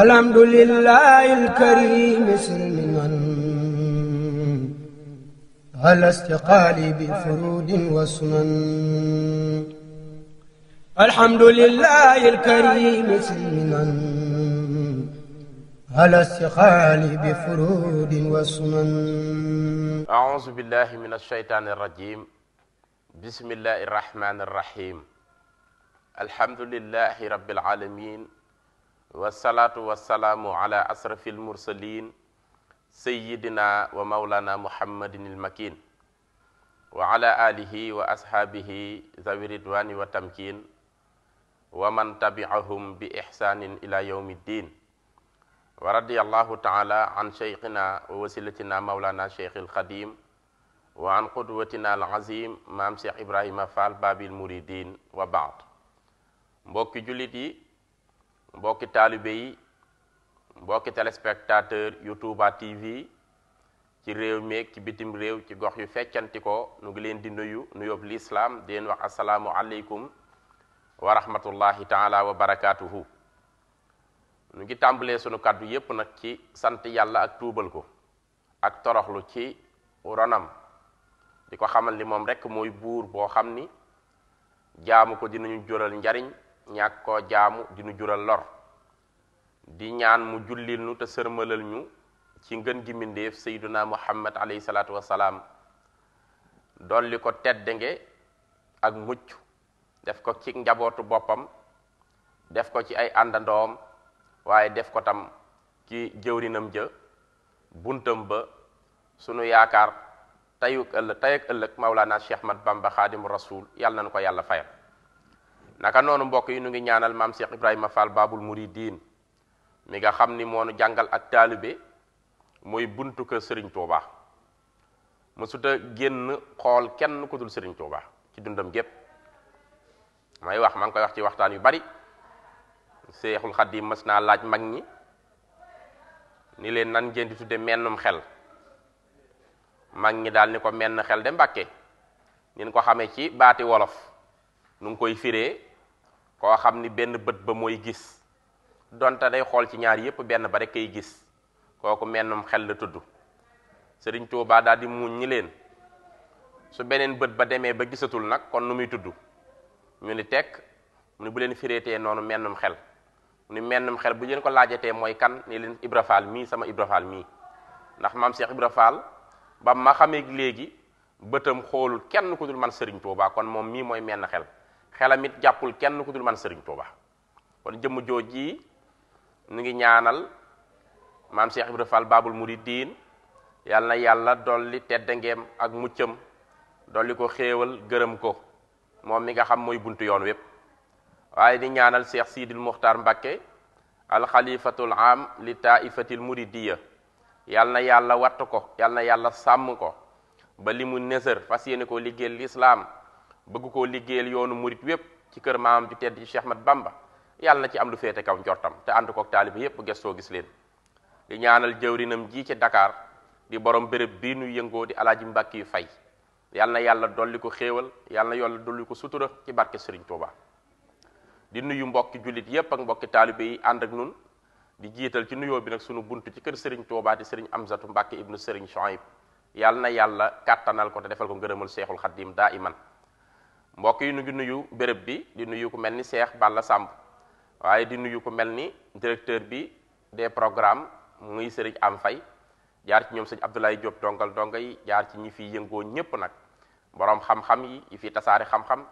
alhamdulillahi alkarim silminan ala istiqaali bi furudin wa sunan alhamdulillahi alkarim silminan ala istiqaali bi furudin wa sunan aouzu billahi min alsheytaani arrajim bismillahi arrahmani arrahim alhamdulillahi rabbil alamin wasalaatu wasalaamu ala asrafi almursalin sayidina wa maulana muhammadin almakin wa ala alihi wa ashaabihi zawi ridwani wa tamkin wa man tabiahum bi ihsanin ila yawmi ddin wa radiallahu taala an cheikhina wa wasilatina maulana cheikh alxadim wa an qudwatina alazim maam cheikh ibrahima fall babil muridin wa baad mbokki jullit yi mbokki taalibe yi mbokki téléspectateur yu Touba TV ci réew meeg ci bitim réew ci gox yu feccanti ko nu ngi leen di nuyu nuyób lislaam di leen wax asalaamu aleykum wa rahmatullahi taala wa barakaatuhu nu ngi tàmbalee sunu kàddu yépp nag ci sant yàlla ak tuubal ko ak toroxlu ci ronam di ko xamal ni moom rekk mooy buur boo xam ni jaamu ko dinañu jural njariñ ñàkk koo jaamu di jural lor di ñaan mu jullil te sërmalal ñu ci ngën gi mbindéef sayyiduna muhammad alayhi salaatu wassalaam dolli ko teddange ak mucc def ko ci njabootu boppam def ko ci ay àndandoom waaye def ko tam ci jëwrinam ja buntam ba sunu yaakaar tayuk ëllëg tey ak ëllëg mawlaana Cheikh Ahmad Bamba xaadimu rasul yàlla nañu ko yàlla fayal naka noonu mbokk yi nu ngi ñaanal maam Cheikh Ibrahima Fall Babul Mouridine mi nga xam ni moonu jàngal ak taalibe mooy buntu kër Serigne Touba mësuta génn xool kenn ko dul sëriñ Touba ci dundam gépp may wax maa ngi koy wax ci waxtaan yu bari Seexul Xaddim mës naa laaj mag ñi ni leen nan ngeen di mennum xel mag ñi daal ni ko menn xel de Mbàkke nin ko xamee ci baati wolof nu koy firee koo xam ni benn bët ba mooy gis donte day xool ci ñaar yépp benn ba rek kay gis kooku mennum xel la tudd Sëriñ Tuubaa daal di muñ ñi leen su beneen bët ba demee ba gisatul nag kon nu muy tudd ñu ni tekk mu ni bu leen fireetee noonu mennum xel mu ni mennum xel bu leen ko laajatee mooy kan ni leen Ibra mii sama Ibra mii ndax maam seex Ibra Faal ba ma xamee léegi bëtam xoolul kenn ko dul man Sëriñ Tuubaa kon moom mii mooy menn xel xelam jàppul kenn ku dul man Serigne Touba kon jëmm jooj ji mu ngi ñaanal maam Cheikh Ibra Fall Babul Mouridine yàlla na yàlla dolli teddangeem ak muccam dolli ko xéewal gërëm ko moom mi nga xam mooy buntu yoon wépp waaye di ñaanal Cheikh Sidil Muxtar Mbakke alxalifatul am li taifatil muridiya yàlla na yàlla watt ko yàlla na yàlla sàmm ko ba li mu nësër fas yéene ko liggéeyal lislaam bëgg koo liggéeyal yoonu murit wépp ci kër maamam ju tedd ci Cheikh Mat Bamba yàlla na ci am lu féete kaw njortam te ànd kook taaliba yépp gestoo gis leen di ñaanal jëwrinam jii ci dakaar di borom bërëb bii nuy yëngoo di alaaji Mbàkke yu fay yal na yàlla dolli ko xéewal yàlla na yàlla dolli ko sutura ci barke Serigne Touba di nuyu mbokki jullit yépp ak mbokki taalibe yi ànd ak nun di jiital ci nuyoo bi nag sunu bunt ci kër Serigne Touba di Serigne Amzatu Mbàkke ibnu Serigne Chouaib yàlla na yàlla kàttanal ko te defal ko ngërëmal seexul xaddim daa iman mbokk yi nu ngi nuyu béréb bi di nuyu ko mel ni Cheikh Balla sàmb waaye di nuyu ko mel ni directeur bi des programmes muy Serigne Am fay jaar ci ñoom sëñ Abdoulaye Diop dongal donga yi jaar ci ñi fi yëngoo ñépp nag borom xam-xam yi yi fi tasaare xam-xam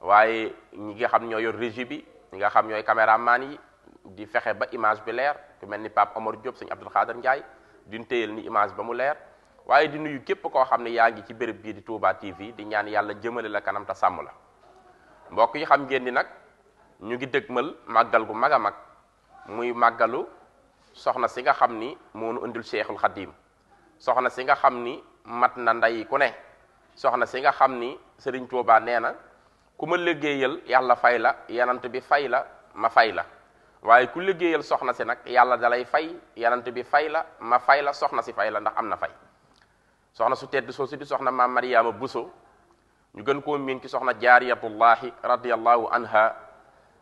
waaye ñi nga xam ñoo yor régie bi ñi nga xam ñooy maan yi di fexe ba image bi leer ku mel ni Pape Omar Diop sëñ Abdoul Khader Ndiaye di téyel ni image ba mu leer waaye di nuyu képp koo xam ne yaa ngi ci béréb bii di Touba TV di ñaan yàlla jëmale la kanam te sàmm la mbokk yi xam ngeen ni nag ñu ngi dëgmal màggal gu mag a mag muy màggalu soxna si nga xam ni moo indil Cheikhul soxna si nga xam ni mat na ndey ku ne soxna si nga xam ni Serigne Touba nee na ku ma liggéeyal yàlla fay la yanant bi fay la ma fay la waaye ku liggéeyal soxna si nag yàlla dalay fay yanant bi fay la ma fay la soxna si fay la ndax am na fay. soxna su tedd soosu di soxna maam Mariyaama Buso ñu gën koo miin ci soxna jaariyatullahi radiallahu anha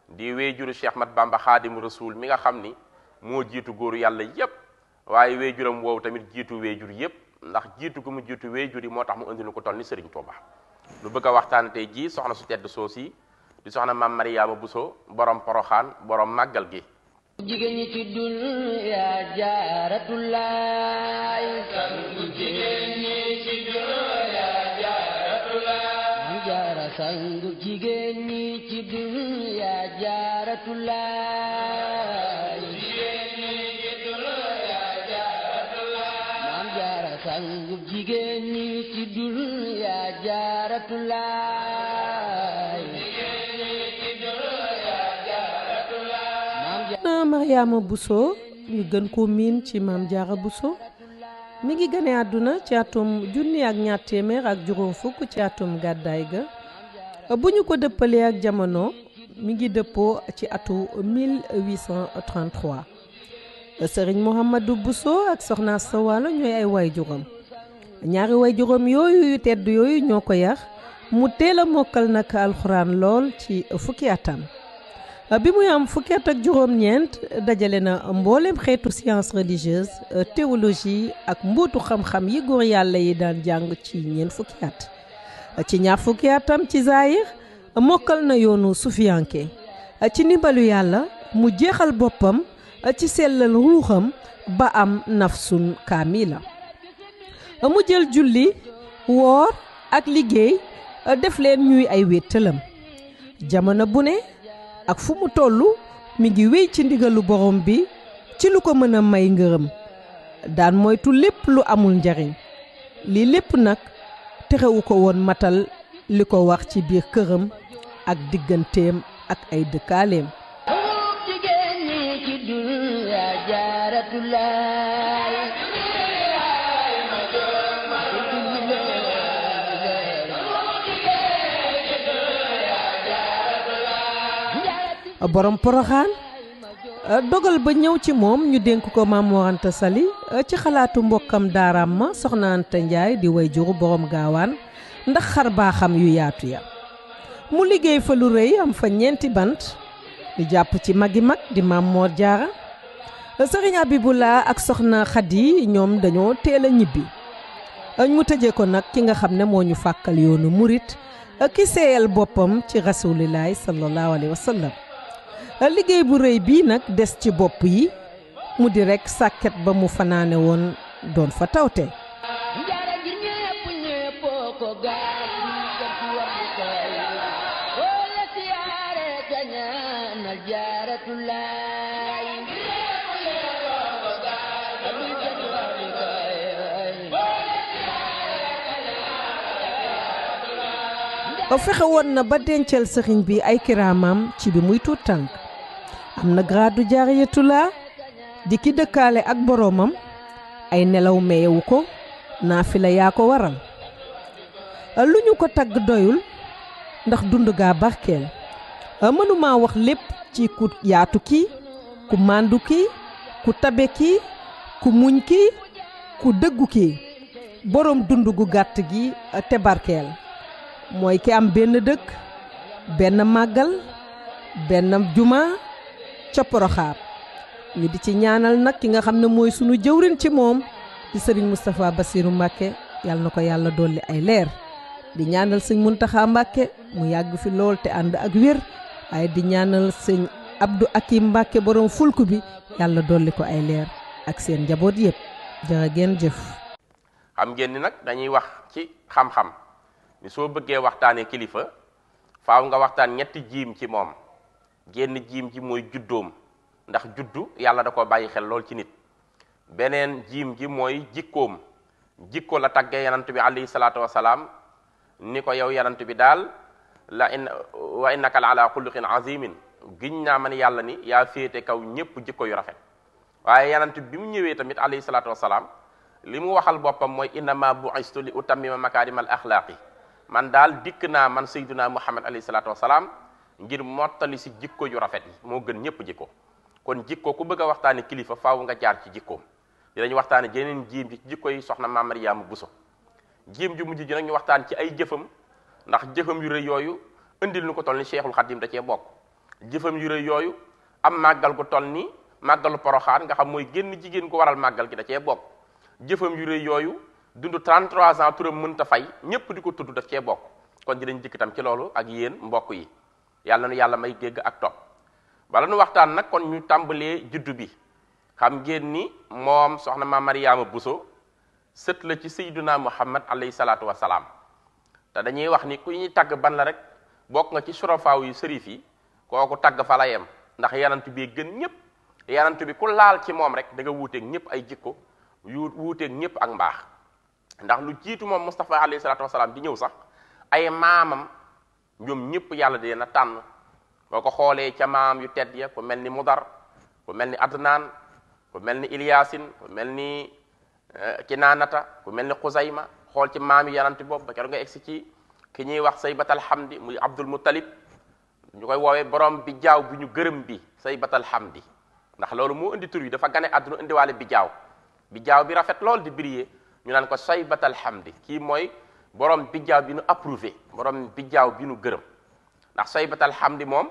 di wéyjuru Cheikh Mat Bamba xaadimu rasul mi nga xam ni moo jiitu góor yàlla yépp waaye wéyjuram woowu tamit jiitu wéyjur yépp ndax jiitu gu mu jiitu wéyjur yi moo tax mu indi ko toll ni Sëriñ Tuuba lu bëgg a waxtaan tey jii soxna su tedd soosi di soxna maam Mariyaama Buso borom poroxaan borom màggal gi jigéen ci dun yaa sangu jigéen ñi ci biir yaa jaaratulaay jigéen ñi ci biir yaa jaaratulaay maam jaara sangu jigéen ñi ci biir yaa jaaratulaay jigéen ñi ci biir yaa jaaratulaay Mariama Bousso ñu gën ko miin ci maam jaara Bousso mi ngi gane àdduna ci atum junni ak ñaar téeméer ak juróom fukk ci atum gàddaay ga bu ñu ko dëppalee ak jamono mi ngi dëppoo ci atu sëriñ Serigne Mouhamadou Bousso ak Soxna Sawaalo ñooy ay waajuram ñaari waajuram yooyu yu tedd yooyu ñoo ko yar mu teel a mokkal nag alxuraan lool ci fukki atam bi muy am fukki at ak juróom-ñeent dajale na mboolem xeetu science religieuse théologie ak mbootu xam-xam yi góor yàlla yi daan jàng ci ñeent fukki at. ci ñaar fukki atam ci zaayir mokkal na yoonu sufiyanke ci ndimbalu yàlla mu jeexal boppam ci sellal ruuxam ba am nafsun kaamila mu jël julli woor ak liggéey def leen ñuy ay wéttalam jamono bu ne ak fu mu toll mi ngi wéy ci ndigalu borom bi ci lu ko mën a may ngërëm daan moytu lépp lu amul njariñ lii lépp nag texewu ko woon matal li ko wax ci biir këram ak digganteem ak ay dëkkaaleem borom poroxaan Euh, dogal ba ñëw ci moom ñu dénk ko Maam Mor Sali euh, ci xalaatu mbokkam daaraam ma Soxna Anta Njaay di way juru borom gaawaan ndax xar baaxam yu yaatu ya mu liggéey fa lu rëy am fa ñeenti bant di jàpp ci magi mag di Maam Mor Jaara euh, Sëriñ Abibulaa ak Soxna yi ñoom dañoo teel a ñibbi mu tëjee ko nag ki nga xam ne moo ñu fàkkal yoonu murit ki seyal boppam ci rasulilaay sallallahu alayhi wa sallam liggéey bu réy bii nag des ci bopp yi mu di rekk sàkket ba mu fanaane woon doon fa tawte fexe woon na ba dencal sëriñ bi ay kiraamam ci bi muy tuut tànk am na garaadu jaariyatulaa di ki dëkkaale ak boroomam ay nelaw meyewu ko naafila yaa ko waral lu ñu ko tagg doyul ndax dund gaa barkeel mënuma wax lépp ci ku yaatu kii ku màndu kii ku tabe kii ku muñ kii ku dëggu kii boroom dund gu gàtt gi te barkeel mooy ki am benn dëkk benn màggal benn juma ca Poroxaar di ci ñaanal nag ki nga xam ne mooy sunu jëwrin ci moom di sëriñ mustafa basiiru Mbacké yàlla na ko yàlla dolli ay leer di ñaanal sëñ Muntaxa Mbacké mu yàgg fi lool te ànd ak wér waaye di ñaanal sëñ Abdou Akim Mbacké borom fulku bi yàlla dolli ko ay leer ak seen njaboot yépp jërë jëf. xam ngeen nag dañuy wax ci xam-xam ni soo bëggee waxtaanee kilifa faw nga waxtaan ñetti jiim ci moom. génn jiim ji mooy juddoom ndax juddu yàlla da ko bàyyi xel lool ci nit beneen jiim ji mooy jikkoom jikko la taggee yanant bi alayhi salaatu wasalaam ni ko yow yanant bi daal la in wa innaka la ala xuluqin azimin giñ naa man yàlla ni yaa féete kaw ñépp jikko yu rafet waaye yanant bi mu ñëwee tamit alayhi salaatu salaam li mu waxal boppam mooy innama bu'istu li utammima makaarimal axlaaqi man daal dikk naa man sayyiduna muhammad alayhi salaatu salaam ngir mottali si jikko yu rafet yi moo gën ñëpp jikko kon jikko ku bëgg a waxtaane kilifa faaw nga jaar ci jikkoom dinañ waxtaane jeneen jiim ji ci jikko yi soxna Maam Mariyaama Buso jiim ju mujj ji nag ñu waxtaan ci ay jëfam ndax jëfam yu rëy yooyu indil nu ko toll ni Cheikhul Khadim da cee bokk jëfam yu rëy yooyu am màggal gu toll ni màggalu poroxaan nga xam mooy génn jigéen ko waral màggal gi da cee bokk jëfam yu rëy yooyu dund 33 ans turam mënta fay ñépp di ko tudd daf cee bokk kon dinañ dikk ci loolu ak yéen mbokk yi yàlla na yàlla may dégg ak topp bala nu waxtaan nag kon ñu tàmbalee juddu bi xam ngeen ni moom soxna ma Mariama Bousso sët la ci sayyiduna Muhammad alayhi salaatu wa salaam te dañuy wax ni ku ñu tagg ban la rek bokk nga ci surafaaw yu sërif yi kooku tagg fa la ndax yanant bi gën ñëpp yanant bi ku laal ci moom rek da nga wuuteeg ñëpp ay jikko yu wuuteeg ñëpp ak mbaax ndax lu jiitu moom Mustafa alayhi salaatu wa di ñëw sax ay maamam. ñoom ñëpp yàlla dee na tànn boo ko xoolee ca maam yu tedd ya mel ni mudar ku mel ni adnaan ku mel ni ilyasin ku mel ni eh, kinaanata ku mel ni xuzayma xool ci maam yi yananti boobu ba keroog nga ci ki ñuy wax saybat alhamdi muy abdul muttalib ñu koy woowee borom bi jaaw bi ñu gërëm bi say saybat alhamdi ndax loolu moo indi tur yi dafa gane àdduna indiwaale bi jaaw bi jaaw bi rafet lool di briller ñu naan ko say saybat alhamdi kii mooy borom bi jaaw bi ñu approuvé borom bijjaaw bi nu gërëm ndax saybat alhamdi moom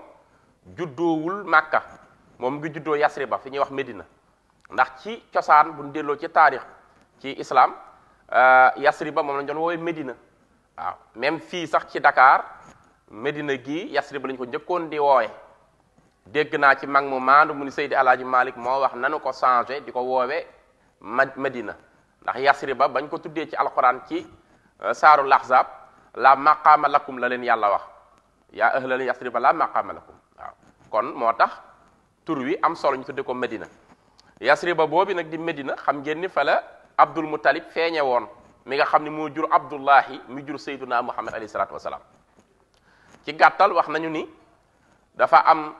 juddoowul màkka moom ngi juddoo yasriba fi ñuy wax médina ndax ci cosaan bu ñu delloo ci taarix ci islam euh, yasriba moom lañ doon woowee médina waaw même fii sax ci Dakar médina gii yasriba lañ ko njëkkoon di woowe dégg naa ci mag mu maandu mu ni Seydi Alaaji Malik moo wax nanu ko changé di ko woowe ma Medina ndax yasri ba bañ ko tuddee ci alquran ci euh, saaru laxzaab laa maqaama lakkum la leen yàlla wax yaa ahlal yasriba laa maqaama lakum waaw kon moo tax tur wi am solo ñu tudde ko Medina yasriba boobi nag di Medina xam ngeen ni fa la Abdul Muttalib feeñe woon mi nga xam ne moo jur Abdullahi mu jur Sayyiduna Muhammad alayhi salaatu wa salaam ci gàttal wax nañu ni dafa am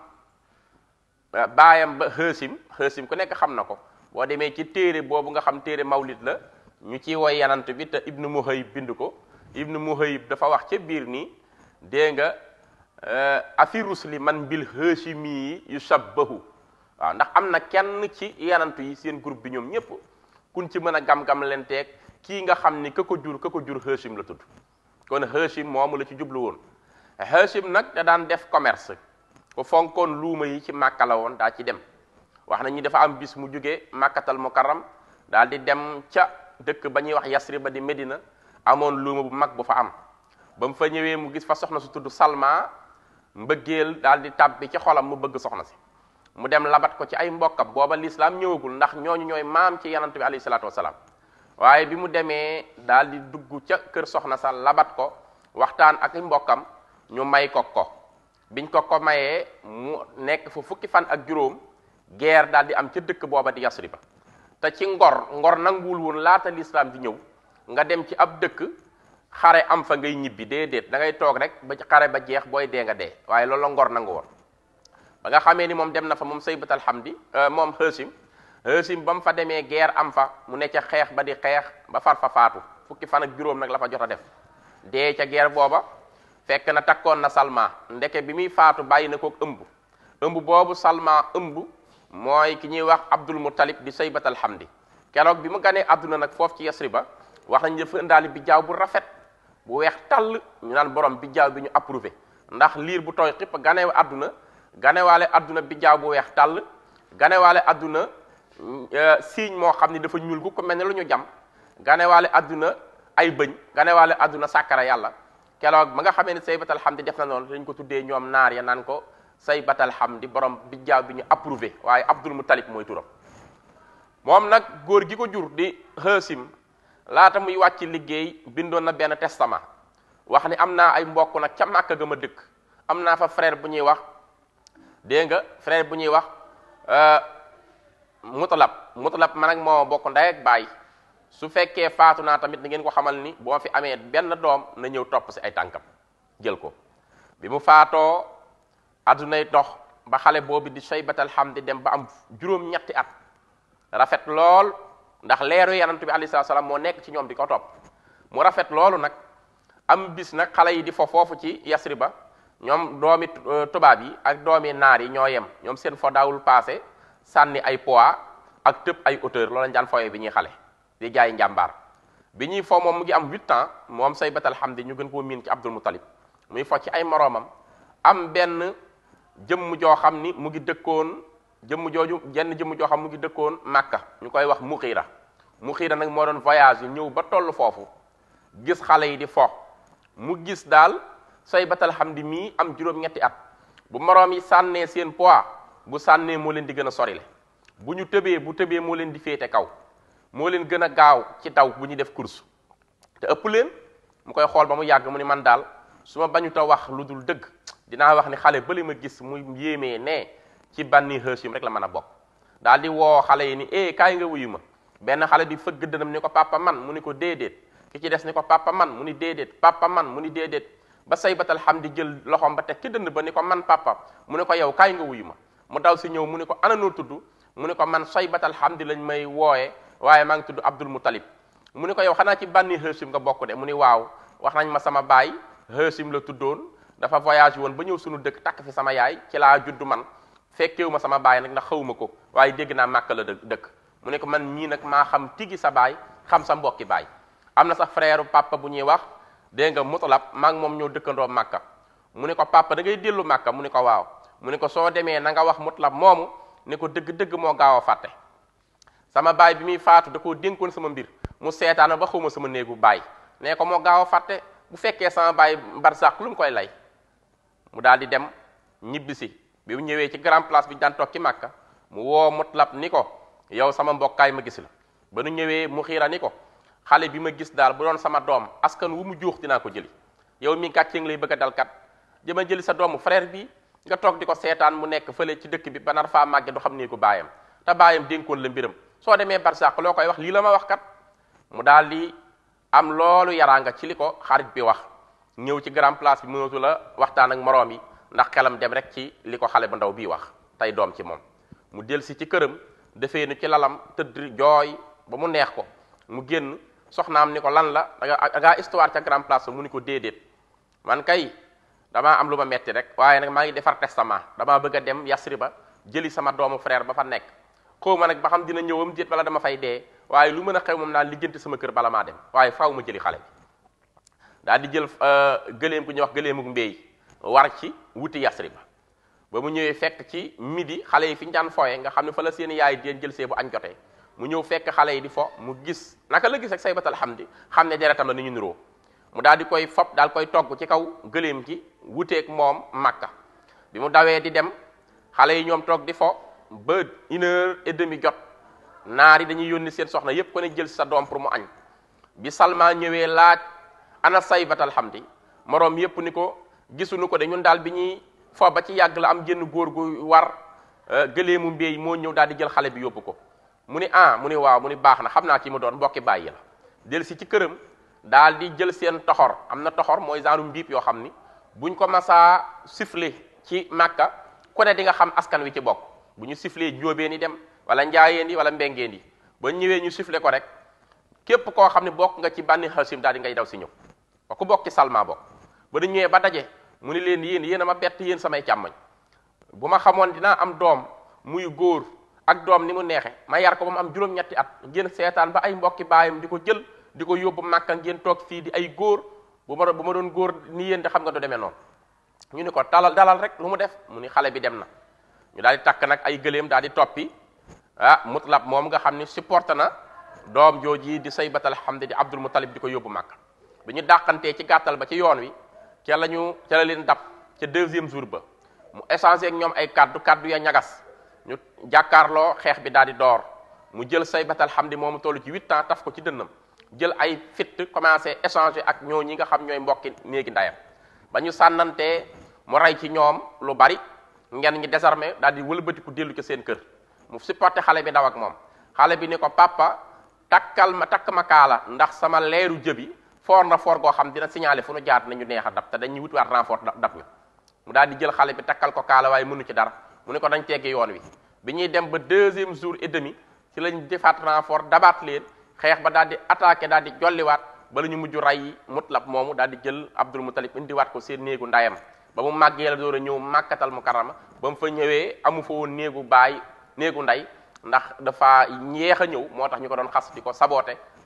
euh, baayam ba Haasim ku nekk xam na ko boo demee ci téere boobu nga xam téere mawlid la ñu ci woy yanant bi te Ibnu Muhayib bind ko ibnu muhayib dafa wax ca biir nii dee nga euh, afirus li man bil hashimi yi yu sabbahu waaw ndax am na kenn ci yanantu yi seen groupe bi ñoom ñépp kun ci mën a gam-gam leen teeg kii nga xam ni ka ko jur ka ko jur hashim la tudd kon hashim moomu la ci jublu woon hashim nag da daan def commerce ku fonkoon luuma yi ci màkka la woon daa ci dem wax nañu dafa am bis mu jóge màkkatal mukarram daal di dem ca dëkk ba ñuy wax yasri ba di medina amoon luuma bu mag bu fa am ba mu fa ñëwee mu gis fa soxna su tudd Salma mbëggeel daal di tàbbi ci xolam mu bëgg soxna si mu dem labat ko ci ay mbokkam booba lislaam ñëwagul ndax ñooñu ñooy maam ci yanant bi alayhi salaatu wasalaam waaye bi mu demee daal di dugg ca kër soxna sa labat ko waxtaan ak ay mbokkam ñu may ko ko biñ ko ko mayee mu nekk fa fukki fan ak juróom guerre daal di am ca dëkk booba di Yasriba te ci ngor ngor nanguwul woon laata lislaam di ñëw nga dem ci ab dëkk xare am fa ngay ñibbi déedéet da ngay toog rek ba ci xare ba jeex booy dee nga dee waaye loolu la ngor nangu woon ba nga xamee ni moom dem na fa moom saybat alhamdi euh, moom xësim xësim ba mu fa demee guerre am fa mu ne ca xeex ba di xeex ba far fa faatu fukki fan ak juróom nag la fa jot a def dee ca guerre booba fekk na takkoon na salma ndeke bi muy faatu bàyyi na kook ëmb ëmb boobu salma ëmb mooy ki ñuy wax abdul muttalib di saybat alhamdi keroog bi mu ganee àdduna nag foofu ci yasri ba wax nañ dafa indaale bijaaw bu rafet bu weex tàll ñu naan borom bijaaw bi ñu approuvé ndax liir bu tooy xipp ganew àdduna ganewaale àdduna bijaaw bu weex tàll ganewaale àdduna euh, signe moo xam ni dafa ñuul gu ko mel ne lu ñu jam ganewaale àdduna ay bëñ ganewaale àdduna sàkkara yàlla keroog ba nga xamee ne say batal xam di def na noonu dañ ko tuddee ñoom naar ya naan ko say batal xam di borom bijaaw bi ñu approuvé waaye Abdul Mutalib mooy turam nag góor gi ko di Haasim laata muy wàcc liggéey bindoon na benn testament wax ni am naa ay mbokk nag ca màkk ga ma dëkk am naa fa frère bu ñuy wax dégg nga frère bu ñuy wax euh, mutalab mutalab man ak moo bokk ndey ak baay su fekkee faatu naa tamit ni ngeen ko xamal ni boo fi amee benn doom na ñëw topp si ay tànkam jël ko bi mu faatoo yi dox ba xale boobu di soybatal xam di dem ba am juróom-ñetti at rafet lool ndax leeru yonent bi alayhi salaam moo nekk ci ñoom di ko topp mu rafet loolu nag am bis nag xale yi di fo foofu ci ba ñoom doomi euh, tubaab yi ak doomi naar yi ñoo yem ñoom seen fo daawul passé sànni ay poids ak tëb ay hauteur loolu lañ daan fooyee bi ñuy xale di jaay njàmbaar bi ñuy fo moom mu ngi am huit temps moom Saybat al-Hamdi ñu gën koo miin ci Abdul Muttalib muy fo ci ay moroomam am benn jëmm joo xam ni mu ngi dëkkoon jëmm jooju jenn jëmm joo xam mu ngi dëkkoon Màkka ñu koy wax Muxiira Muxiira nag moo doon voyage yu ñëw ba toll foofu gis xale yi di fo mu gis daal Saybatal di mii am juróom-ñetti at bu moroom yi sànnee seen pois bu sànnee moo leen di gën a sorile bu ñu tëbee bu tëbee moo leen di féete kaw moo leen gën a gaaw ci daw bu ñuy def course te ëpp leen mu koy xool ba mu yàgg mu ni man daal su ma bañu ta wax lu dul dëgg dinaa wax ni xale bali ma gis mu yéemee nee ci banni Hashim rek la mën a bokk daal di woo xale yi ni eh kaay nga wuyu ma benn xale bi fëgg dënam ni ko papa man mu ni ko déedéet ki ci des ni ko papa man mu ni déedéet papa man mu ni déedéet ba saybatal xam di jël loxoom ba teg ci dënd ba ni ko man papa mu ni ko yow kaay nga wuyu ma mu daw si ñëw mu ni ko ana noo tudd mu ni ko man saybatal xam di lañ may wooye waaye maa ngi tudd Abdul Mutalib mu ni ko yow xanaa ci banni Hashim nga bokk de mu ni waaw wax nañ ma sama baay Hashim la tuddoon dafa voyage woon ba ñëw suñu dëkk takk fi sama yaay ci laa juddu man fekkewu ma sama baay nag ndax xawuma ko waaye dégg naa màkk la dëkk mu ne ko man mii nag maa xam tiggi sa baay xam sa mbokki baay am na sax frère papa bu ñuy wax dégg nga mutalab maa moom ñoo dëkkandoo màkka mu ne ko papa dangay ngay dellu màkka mu ne ko waaw mu ne ko soo demee na nga wax mutalab moomu ne ko dëgg-dëgg moo gaaw a fàtte sama baay bi muy faatu da koo dénkoon sama mbir mu seetaan seetaana ba xawma sama néegu baay nee ko moo gaaw a fàtte bu fekkee sama baay barsàq lu mu koy lay mu daal di dem ñibbisi bi mu ñëwee ci grand place bi ñu daan toog ci màkk mu woo Mutlab ni ko yow sama mbokkaay ma gis la ba nu ñëwee mu xiira ni ko xale bi ma gis daal bu doon sama doom askan wu mu juux dinaa ko jëli yow mi gàcce ngi lay bëgg a dal kat jëma jëli sa doomu frère bi nga toog di ko seetaan mu nekk fële ci dëkk bi ba nar faa màgge du xam nii ko baayam te baayam dénkoon la mbiram soo demee barsàq loo koy wax lii la ma wax kat mu daal di am loolu yaraa nga ci li ko xarit bi wax ñëw ci grand bi mënatu la waxtaan ak moroom yi ndax xelam dem rek ci li ko xale bu ndaw bii wax tey doom ci moom mu del si ci këram defee nu ci lalam tëdd jooy ba mu neex ko mu génn soxnaam ni ko lan la da ngaa histoire ca grand place mu ni ko déedéet man kay damaa am lu ma metti rek waaye nag maa ngi defar testament damaa bëgg a dem ba jëli sama doomu frère ba fa nekk xaw ma nag ba xam dina ñëwam déet bala dama fay dee waaye lu mën a xew moom naa lijjanti sama kër bala maa dem waaye faaw ma jëli xale di jël euh, gëléem ku ñuy wax gëléemuk mbéy ci wuti yasrib ba mu ñëwee fekk ci midi xale yi fi ñu daan foye nga xam ne fa la seen yaay di jël see bu añ jotee mu ñëw fekk xale yi di fo mu gis naka la gis rek saybat alhamdi xam ne deretam la ni ñu niroo mu daal di koy fob daal koy togg ci kaw gëléem gi wuteeg moom makka bi mu dawee di dem xale yi ñoom toog di fo ba une heure jot naar yi dañuy yónni seen soxna yépp ko ne jël sa doom pour mu añ bi Salma ñëwee laaj ana saybat alhamdi moroom yépp ni ko gisuñu ko de ñun daal bi ñuy fo ba ci yàgg la am génn góor gu war euh, gëleemu mbéy moo ñëw daal di jël xale bi yóbbu ko mu ni ah mu ni waaw mu ni baax na xam naa ci mu doon bokki bàyyi la del si ci këram daal di jël seen toxor am na toxor mooy genre mbiip yoo xam ni buñ ko masaa sifle ci màkka ku ne di nga xam askan wi ci bokk bu ñu siflee njóobeen ni dem wala njaayeen yi wala mbengeen yi ba ñëwee ñu sifle ko rek képp koo xam ne bokk nga ci bànni xasim daal di ngay daw si ñëw wa bokk ci salma bokk ba ñëwee ba daje mu ni leen yéen yéen a ma bett yéen samay càmmoñ bu ma xamoon dinaa am doom muy góor ak doom ni mu neexe ma yar ko ba mu am juróom-ñetti at ngeen seetaan ba ay mbokki baayam di ko jël di ko yóbbu Màkka ngeen toog fii di ay góor bu ma bu ma doon góor ni yéen de xam nga du demee noonu ñu ni ko talal dalal rek mu def mu ni xale bi dem na ñu daal di takk nag ay gëléem daal di toppi ah mutlab moom nga xam ni supporté na doom jooji di saybat alhamdi di abdul mutalib di ko yóbbu Màkka bu ñu dàqantee ci gàttal ba ci yoon wi ca la ñu ca leen dab ca deuxième jour ba mu échangé ak ñoom ay kàddu kàddu ya ñagas ñu jàkkaarloo xeex bi daal di door mu jël saybatal xam di moomu toll ci huit ans taf ko ci dënnam jël ay fitt commencé échanger ak ñoo ñi nga xam ñooy mbokki néegi ndayam ba ñu sànnantee mu rey ci ñoom lu bari ngeen ñi désarmé daal di wëlbatiku dellu ca seen kër mu supporté xale bi daw ak moom xale bi ne ko papa takkal ma takk ma kaala ndax sama leeru jëbi foor na foor goo xam dina signalé fu nu jaar nañu neex a dab te dañuy wutiwaat renfort dab ñu mu daal di jël xale bi takkal ko kaala waaye mënu ci dara mu ne ko dañ teggi yoon wi bi ñuy dem ba deuxième jour et demi ci lañ defaat renfort dabaat leen xeex ba daal di attaqué daal di jolliwaat ba la ñu mujj ray yi mutlab moomu daal di jël abdul mutalib indiwaat ko seen néegu ndayam ba mu màggee la door a ñëw màkkatal mu karama ba mu fa ñëwee amu fa woon néegu baay néegu nday ndax dafa ñeex a ñëw moo tax ñu ko doon xas di ko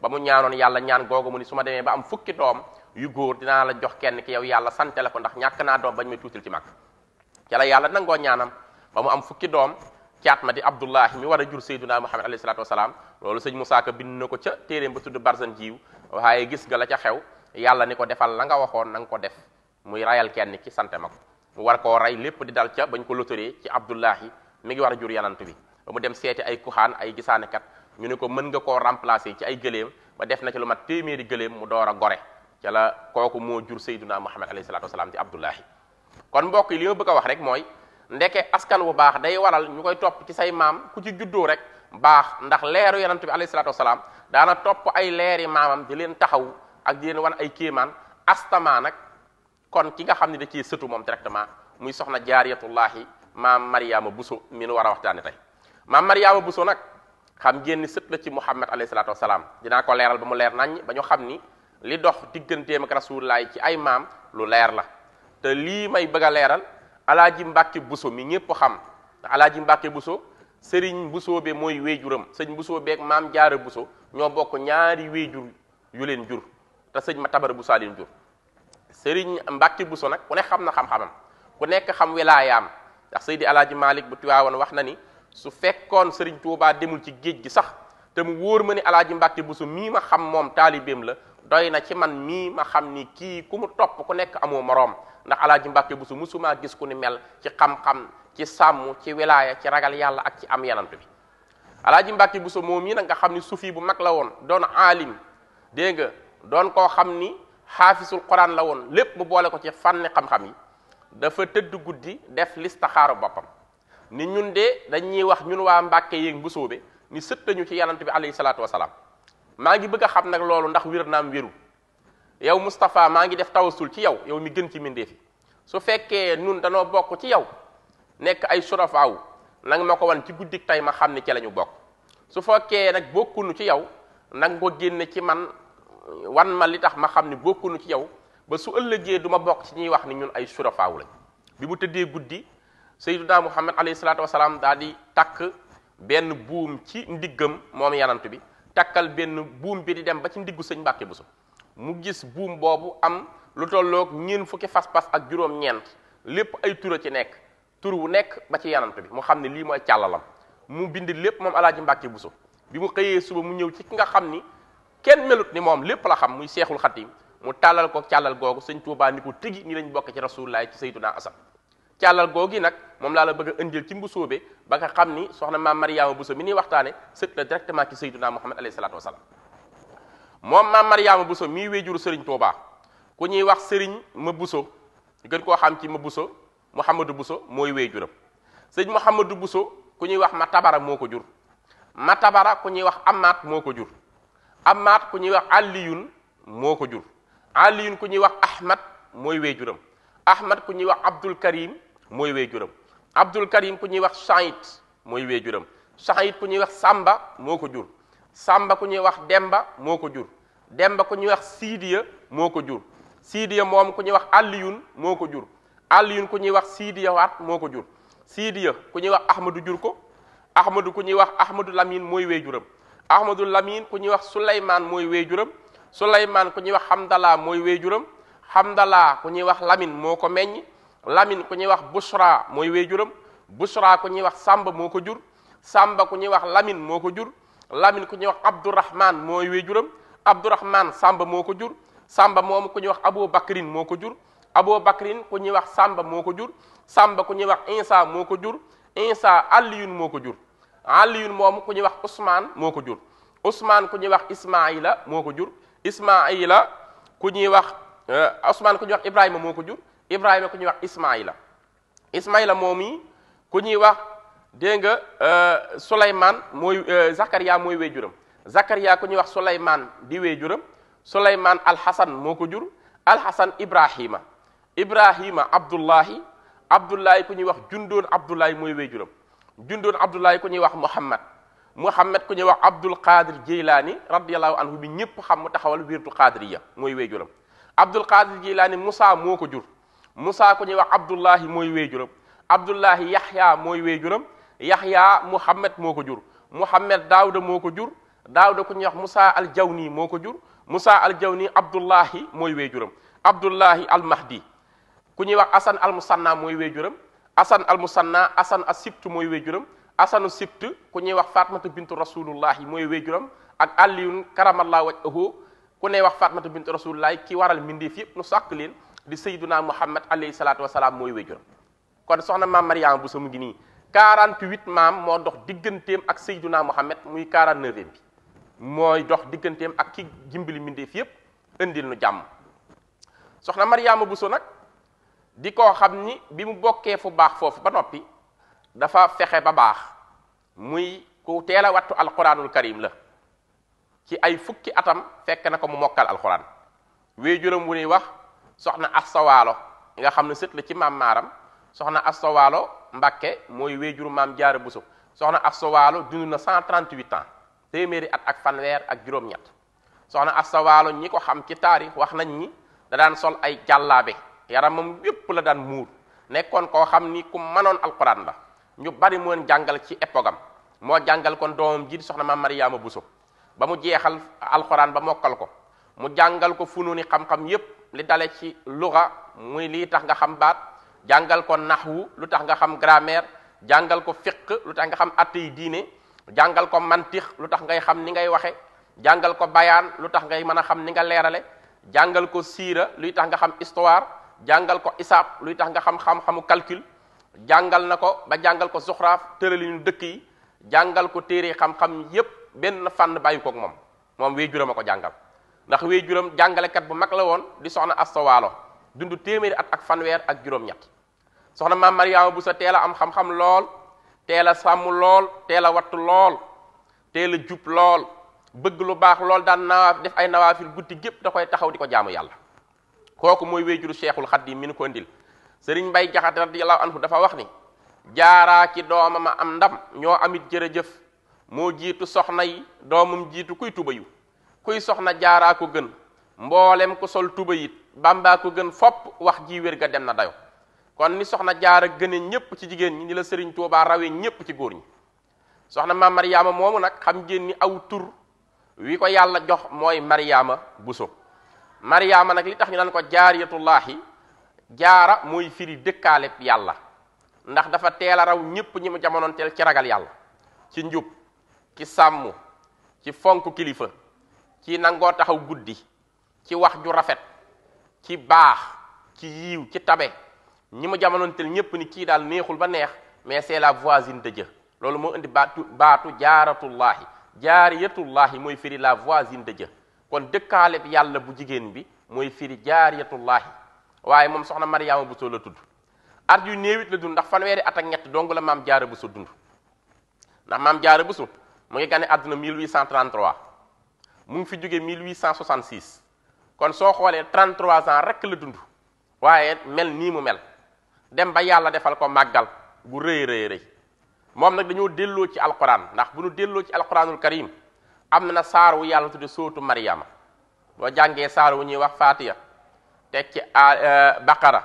ba mu ñaanoon yàlla ñaan googu mu ni su ma demee ba am fukki doom yu góor dinaa la jox kenn ki yow yàlla sante la ko ndax ñàkk naa doom bañ ma tuutil ci mag ca la yàlla nangoo ñaanam ba mu am fukki doom caat ma di abdullahi mi war a jur sayduna muhammad alayhi salatu wasalaam loolu sëñ Musaa Ka bind ko ca téeréem ba tudd barzan jiw waaye gis nga la ca xew yàlla ni ko defal la nga waxoon na nga ko def muy rayal kenn ki sante ma ko mu war koo rey lépp di dal ca bañ ko lotoree ci abdullahi mi ngi war a jur yanant bi ba mu dem seeti ay kuxaan ay gisaanekat ñu ne ko mën nga koo remplacer ci ay gëléem ba def na ci lu mat téeméeri gëléem mu door a gore ca la kooku moo jur sayduna muhammad alayhi salatu wasalaam ci abdullahi kon mbokk yi li ma bëgg a wax rek mooy ndeke askan wu baax day waral ñu koy topp ci say maam ku ci juddoo rek baax ndax leeru yonent bi alayhi salatu wasalaam daana topp ay leeri maamam di leen taxaw ak di leen wan ay kéemaan astama nag kon ki nga xam ne da ciy sëtu moom directement muy soxna jaariyatullahi maam mariama buso mi nu war a waxtaane xam génn ni sët la ci Muhammad alayhi dina ko leeral ba mu leer nañ ba ñu xam ni li dox digganteem ak rasulilaay ci ay maam lu leer la te lii may bëgg a leeral alaaji Mbàkke Buso mi ñépp xam alaaji Mbàkke Buso sëriñ Buso be mooy wéejuram sëñ Buso beeg maam Jaara Buso ñoo bokk ñaari wéejur yu leen jur te sëñ ma tabara Buso a leen jur sëriñ Mbàkke nag ku ne xam na xam-xamam ku nekk xam wilaayaam ndax Seydi alaaji Malik bu Tiwaawan wax na ni su fekkoon sëriñ Tuubaa demul ci géej gi sax te mu wóor ma ni alaaji Mbàkke Buso mii ma xam moom taalibeem la doy na ci man mii ma xam ni kii ku mu topp ku nekk amoo moroom ndax alaaji Mbàkke Buso musumaa gis ku ni mel ci xam-xam ci sàmm ci wilaaya ci ragal yàlla ak ci am yanant bi alaaji Mbàkke Buso moom mii nag nga xam ni sufi bu mag la woon doon aalim dégg nga doon koo xam ni xaafisul quran la woon lépp mu boole ko ci fànni xam-xam yi dafa tëdd guddi def listaxaaru boppam ni ñun de dañuy wax ñun waa Mbàkke yéeg ngu soobe ni sët nañu ci yonent bi alayhi salaatu wasalaam maa ngi bëgg a xam nag loolu ndax wér naam wérul yow Moustapha maa ngi def tawasul ci yow yow mi gën ci mindee fi su fekkee nun danoo bokk ci yow nekk ay surafaaw nag ma ko wan ci guddik tey ma xam ni ci la ñu bokk su fekkee nag bokkunu ci yow nag ko génne ci man wan ma li tax ma xam ni bokkunu ci yow ba su ëllëgee duma bokk ci ñuy wax ni ñun ay surafaaw lañ bi mu tëddee guddi sayyiduna muhammad alayhi salaatu wasalaam daal di takk benn buum ci ndiggam moom yanant bi takkal benn buum bi di dem ba ci ndiggu sëñ Mbàkke Buso mu gis buum boobu am lu tolloog ñeen fukki fas-fas ak juróom-ñeent lépp ay tura ci nekk tur wu nekk ba ci yanant bi mu xam ne lii mooy càllalam mu bind lépp moom alaaji Mbàkke Buso bi mu xëyee suba mu ñëw ci ki nga xam ni kenn melut ni moom lépp la xam muy seexul xat xatim mu tàllal ko càllal googu sëñ Tuubaa ni ko tigi ni lañ bokk ci rasulullahi ci sayyiduna Asan càllal googi nag moom laa la bëgg a ci mbu sóobe ba nga xam ni soxna maam mariama buso mi ñuy waxtaane sët la directement ci sayyiduna muhammad alayhi salatu wasalaam moom maam mariama buso mii wéejuru sëriñ Touba ku ñuy wax sëriñ ma buso gën koo xam ci ma buso mouhamadou buso mooy wéejuram sëriñ mouhamadou buso ku ñuy wax ma tabara moo ko jur ma matabara ku ñuy wax amaat moo ko jur amaat ku ñuy wax aliyun moo ko jur aliyun ku ñuy wax ahmad mooy wéejuram ahmad ku ñuy wax abdul karim mooy waajuram Abdul Karim ku ñuy wax Saïd mooy juram Saïd ku ñuy wax sàmba moo ko jur Samba ku ñuy wax Demba moo ko jur Demba ku ñuy wax Siidiya moo ko jur Siidiya moom ku ñuy wax Aliyun moo ko jur Aliyun ku ñuy wax Siidiya moo ko jur Siidiya ku ñuy wax Ahmadu jur ko Ahmadu ku ñuy wax Ahmadu lamin mooy wee waajuram Ahmadu lamin ku ñuy wax Souleymane mooy wee waajuram Souleymane ku ñuy wax Hamdalaa mooy waajuram Hamdalaa ku ñuy wax lamin moo ko meññ Lamine ku ñuy wax Bushra mooy wéyjuram Bushra ku ñuy wax Samba moo ko jur Samba ku ñuy wax Lamine moo ko jur Lamine ku ñuy wax Abdourahman mooy wéyjuram Abdourahman Samba moo ko jur Samba moomu ku ñuy wax Abou Bakrin moo ko jur Abou Bakrin ku ñuy wax Samba moo ko jur Samba ku ñuy wax Insa moo ko jur Insa Aliyun moo ko jur Aliyun moomu ku ñuy wax Ousmane moo ko jur Ousmane ku ñuy wax Ismaila moo ko jur Ismaila ku ñuy wax Ousmane ku ñuy wax Ibrahima moo ko jur Ibrahima ku ñuy wax Ismaïla Ismaïla moom yi ku ñuy wax dégg nga euh, Souleymane mooy euh, Zakaria mooy juram Zakaria ku ñuy wax Souleymane di wejuram Souleymane Alxasan moo ko jur Alxasan Ibrahima Ibrahima Abdullahi Abdullahi ku ñuy wax Jundoon Abdullahi mooy wejuram Jundoon Abdullahi ku ñuy wax Muhammad Muhammad ku ñuy wax Abdul Qadir Jeylaani radiyallahu anhu bi ñëpp xam mu taxawal wirdu Qadiriya mooy wejuram Abdul Qadir Jeylaani musa moo ko jur. Moussa ku ñuy wax Abdullahi mooy wee weejuram Abdullahi Yaxya mooy weejuram Yaxya Muhammad moo ko jur Muhammad Daawuda moo ko jur Daawuda ku ñuy wax Moussa Aljawni moo ko jur Moussa Aljawni Abdullahi mooy wee weejuram Abdullahi Almahdi ku ñuy wax Asan Almusanna mooy weejuram Asan Almusanna Asan Asibtu mooy weejuram Asanu Sibt ku ñuy wax Fatmata bintu Rasulullahi mooy weejuram ak Aliyun Karamallahu wajhahu ku ne wax Fatmata bintu Rasulullahi ki waral mbindeef yëpp nu sàkk leen. di sayyiduna muhammad alayhi salaatu wasalaam mooy wéjuram kon soxna maam mariama bu sa mu ngi nii 48 maam moo dox digganteem ak sayyiduna muhammad muy 49 bi mooy dox digganteem ak ki jimbali mbindeef yépp indil nu jàmm soxna mariama bu so nag di ko xam ni bi mu bokkee fu baax foofu ba noppi dafa fexe ba baax muy ku teel a wattu alquranul karim la ci ay fukki atam fekk na ko mu mokkal alquran wéejuram wu ñuy wax soxna astawaalo nga xam ne sët la ci maam maaram soxna astawaalo mbakke mooy wéejuru maam jaara buso soxna astawaalo dund na 138 ans téeméeri at ak fanweer ak juróom soxna astawaalo ñi ko xam ci taarix wax nañ ni da daan sol ay jàllaabe yaramam yépp la daan muur nekkoon koo xam ni ku mënoon alquran ba ñu bari mu leen jàngal ci epogam moo jàngal kon doomam ji di soxna maam mariyaama buso ba mu jeexal alquran ba mokkal ko mu jàngal ko fununi xam-xam yépp li dale ci luga muy lii tax nga xam baat jàngal ko naxwu lu tax nga xam grammaire jàngal ko fiq lu tax nga xam att diine jàngal ko mantix lu tax ngay xam ni ngay waxe jàngal ko bayaan lu tax ngay mën a xam ni nga leerale jàngal ko siira luy tax nga xam histoire jàngal ko issaab luy tax nga xam xam-xamu calcul jàngal na ko ba jàngal ko zuxraaf tëralinu dëkk yi jàngal ko téere xam-xam yépp benn fànn bàyyi koog moom moom wee juróom a ko jàngal ndax wéy juróom jàngalekat bu mag la woon di soxna Asta Waalo dund téeméeri at ak fanweer ak juróom-ñett soxna maam Mariama bu sa teel a am xam-xam lool teel a sàmm lool teel a watt lool teel a jub lool bëgg lu baax lool daan nawaa def ay nawaafil guddi gépp da koy taxaw di ko jaamu yàlla kooku mooy seexul cheikhul xaddim mi nu ko ndil sëriñ mbay jaxate radiyallahu anhu dafa wax ni jaaraa ci doomam a am ndam ñoo amit jërëjëf moo jiitu soxna yi doomam jiitu kuy tuba yu kuy soxna jaaraa ko gën mboolem ku sol tuba it bàmbaa ko gën fopp wax ji wér ga dem na dayo kon ni soxna jaara gëne ñépp ci jigéen ñi ni la sëriñ Tuubaa rawee ñépp ci góor ñi soxna maam Mariyaama moomu nag xam ngeen ni aw tur wi ko yàlla jox mooy Mariyaama Buso Mariyaama nag li tax ñu naan ko jaariyatullaahi jaara mooy firi dëkkaale yàlla ndax dafa teel a raw ñépp ñi mu jamonoon teel ci ragal yàlla ci njub ci sàmm ci fonk kilifa ci nangoo taxaw guddi ci wax ju rafet ci baax ci yiiw ci tabe ñi mu jamonoonteel ñépp ni kii daal neexul ba neex mais c'est la voisine de Dieu loolu moo indi baatu baatu jaaratullaahi jaariyatullaahi mooy firi la voisine de Dieu kon bi yàlla bu jigéen bi mooy firi jaariyatullaahi waaye moom soxna Mariyaama Buso la tudd at yu néewit la dund ndax fanweeri at ak ñett dong la maam jaara Buso dund ndax maam jaara Buso mu ngi gane àdduna 1833 mu ngi fi jóge 1866 kon soo xoolee 33 ans rek la dund waaye mel nii mu mel dem ba yàlla defal ko màggal bu rëy rëy rëy moom nag dañoo delloo ci alquran ndax bu ñu delloo ci alquranul karim am na saar wu yàlla tudde sootu Mariama boo jàngee saar wu ñuy wax Fatiha teg ci euh, Baqara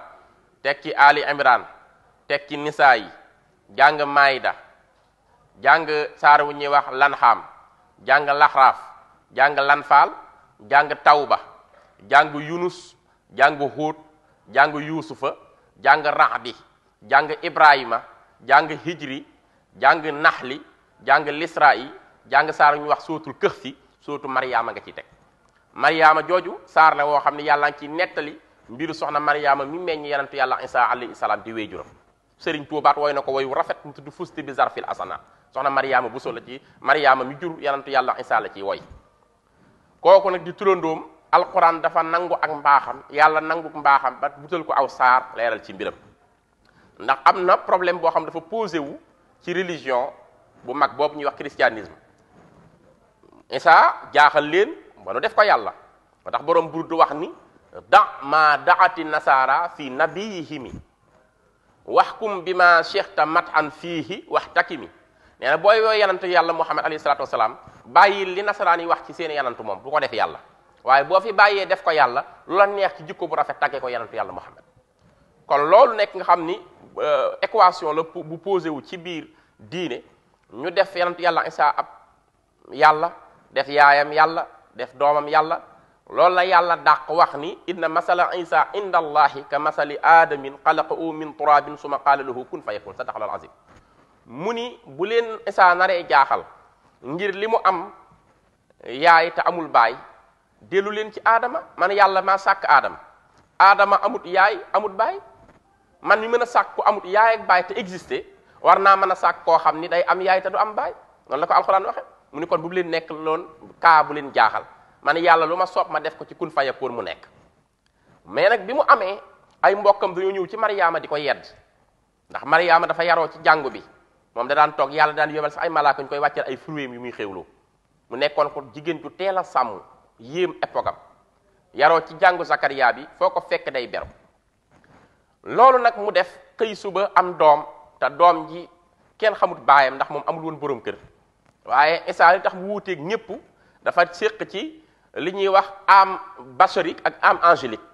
teg ci Ali Imran teg ci Nisaa yi jàng Maïda jàng saar wu ñuy wax Lanxaam jàng Laxraaf jàng lanfaal jàng tawba jàng yunus jàng huut jàng yuusufa jàng rahbi jàng ibrahima jàng hijri jàng naxli jàng lisra'i jàng saar ñu wax sootul këxfi sootu mariyaama nga ci teg mariyaama jooju saar la woo xam ne yàlla ngi ci nettali mbiru soxna mariyaama mi meññ yenentu yàlla isa alayhi salaam di wéejuram sëriñ tuubaat wooy na ko woyu rafet mu tudd fusti bi zarfil asana soxna mariyaama bu sola ci mariyaama mi jur yenentu yàlla isa la ci woy kooku nag di turandoom alquran dafa nangu ak mbaaxam yàlla nangu mbaaxam ba wutal ko aw saar leeral ci mbiram ndax am na problème boo xam dafa posé wu ci religion bu mag boobu ñuy wax christianisme isa jaaxal leen ba nu def ko yàlla ba tax borom du wax ni da ma daati nasaara fi nabiyihimi waxkum bi ma cheikhta mat an fii fiihi wax takki mi na booy yooyu yanante yàlla muhammad alayhi salaatu salaam bàyyi li nasaraan yi wax ci seen yanantu moom bu ko def yàlla waaye boo fi bàyyee def ko yàlla lu la neex ci jikko bu rafet tàggee ko yanantu yàlla muhammad kon loolu nekk nga xam ni euh, équation la bu posé wu ci biir diine ñu def yanantu yàlla isa ab yàlla def yaayam yàlla def doomam yàlla loolu la yàlla dàq wax ni inna masala isa inda allahi ka masali aadamin xalaqahu min turabin suma qaala lahu kun fa yakun sadaqallahu mu ni bu leen isa naree jaaxal ngir li mu am yaay te amul baay dellu leen ci aadama man yàlla maa sàkk aadama aadama amut yaay amut baay man mi mën a sàkk ku amut yaay ak baay te existé war naa mën a sàkk koo xam ni day am yaay te du am baay noonu la ko alxuraan waxe mu ni kon bu leen nekk loon kaa bu leen jaaxal man yàlla lu ma soob ma def ko ci kun fayakoon mu nekk mais nag bi mu amee ay mbokkam dañoo ñëw ci mariama di ko yedd ndax mariama dafa yaroo ci jàngu bi moom da daan toog yàlla daan yóbal sax ay malaaka ñu koy wàcceel ay fruits yu muy xéwloo mu nekkoon ko jigéen ju teel a sàmm yéem epogam yaroo ci jàngu Zakaria bi foo ko fekk day beru loolu nag mu def xëy suba am doom te doom ji kenn xamut baayam ndax moom amul woon borom kër waaye Isaa li tax mu wuuteeg ñëpp dafa séq ci li ñuy wax am bacharique ak am angélique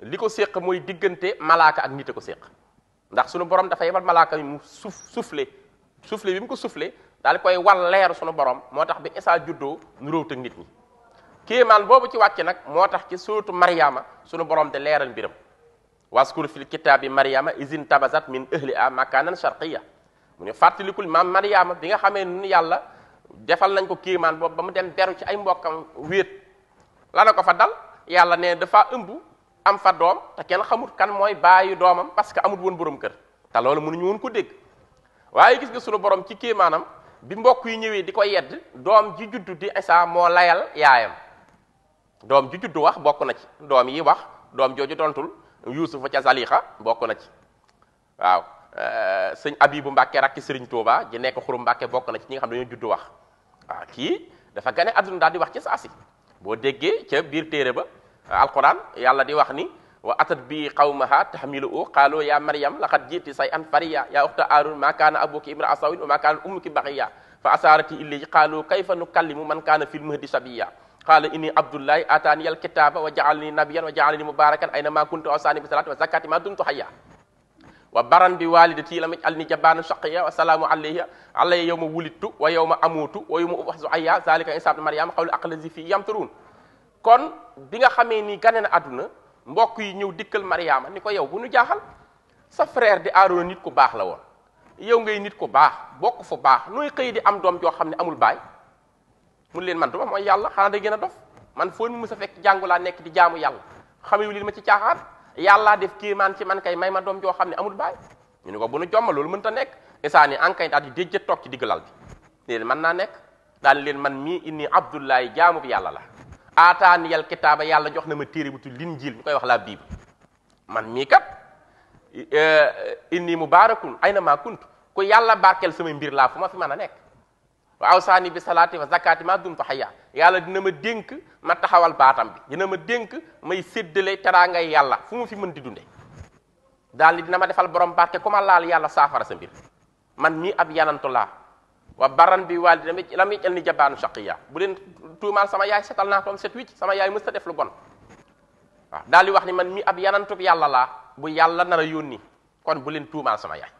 li ko séq mooy diggante malaaka ak nit a ko séq ndax sunu borom dafa yebal malaaka mu suuf soufflé suufle bi mu ko soufflé daal koy wal leeru suñu borom moo tax bi Isaa juddoo nuróowut ak nit ñi kéemaan boobu ci wàcc nag moo tax ci suuratu Mariama suñu borom de leeral mbiram waskur fil kitaabi Mariama izin tabazat min ahliha makanan sharqiya mu ne fàttalikul maam Mariama bi nga xamee ni yàlla defal nañ ko kéemaan boobu ba mu dem beru ci ay mbokkam wéet la na ko fa dal yàlla ne dafa ëmb am fa doom te kenn xamul kan mooy bàyyi doomam parce que amul woon borom kër te loolu mënuñu woon ko dégg. waaye gis nga sunu borom ci kii maanaam bi mbokk yi ñëwee di ko yedd doom ji juddu di Isa moo layal yaayam doom ji juddu wax bokk na ci doom yi wax doom jooju tontul Yuusufa ca Zalixa bokk na ci waaw eh, sëñ Abibu Mbàkke rakki sëriñ Tuuba ji nekk xuru Mbàkke bokk na ci ñi nga xam dañoo juddu wax waaw kii dafa gane àdduna daal di wax ci saasi boo déggee ca biir téere ba alquran yàlla di wax ni wa atat bi qawmaha tahmiluhu qalu ya maryam laqad jiti shay'an fariya ya ukhta arun ma kana abuki imra'a sawin wa ma kana ummuki baghiya fa asarati ilayhi qalu kayfa nukallimu man kana fil mahdi sabiya qala inni abdullahi atani al wa ja'alni nabiyyan wa ja'alni mubarakan ayna ma kuntu awsani bi salati wa zakati ma dumtu hayya wa baran bi walidati lam yaj'alni jabbaran shaqiyya wa salamu alayya alayya yawma wulidtu wa yawma amutu wa yawma ub'athu hayya zalika isa nga xamee ni gane mbokk yi ñëw dikkal Mariama ni ko yow bu nu jaaxal sa frère di Aaroona nit ku baax la woon yow ngay nit ku baax bokk fu baax nooy xëy di am doom joo xam ne amul baay mun leen man duma mooy yàlla xanaa day gën a dof man foo mu sa fekk jàngu laa nekk di jaamu yàlla xamewu leen ma ci caaxaan yàllaa def kéemaan ci man kay may ma doom joo xam ne amul baay ñu ne ko bu nu jomma loolu mën ta nekk isaa ni ankay daal déj déjjë toog ci diggalal bi leen mën naa nekk daal leen man mii inni abdullahi jaamu bu yàlla la aataaniyal kitaaba yàlla jox na ma téere bu tudd linjiil ñu koy wax la bible man mii kat eh, inni mubaarakun ayna maa kuntu ku yàlla barkeel samay mbir laa fu ma fi mën a nekk wa awsaani bi salaati wa zakaati maa dumtu hayya yàlla dina ma dénk ma taxawal baatam bi dina ma dénk may séddale teraangay yàlla fu mu fi mën di dunde daal ni dina ma defal borom barke ku ma laal yàlla saafara sa mbir man mii ab yanantu laa waa baran bi waalida lam yaj'al ni jabbaanu shaqiya bu leen tuumaal sama yaay setal naa ko am set wicc sama yaay mu ta def lu bon waaw daal di wax ni man mi ab yanantub yàlla laa bu yàlla na a yónni kon bu leen tuumaal sama yaay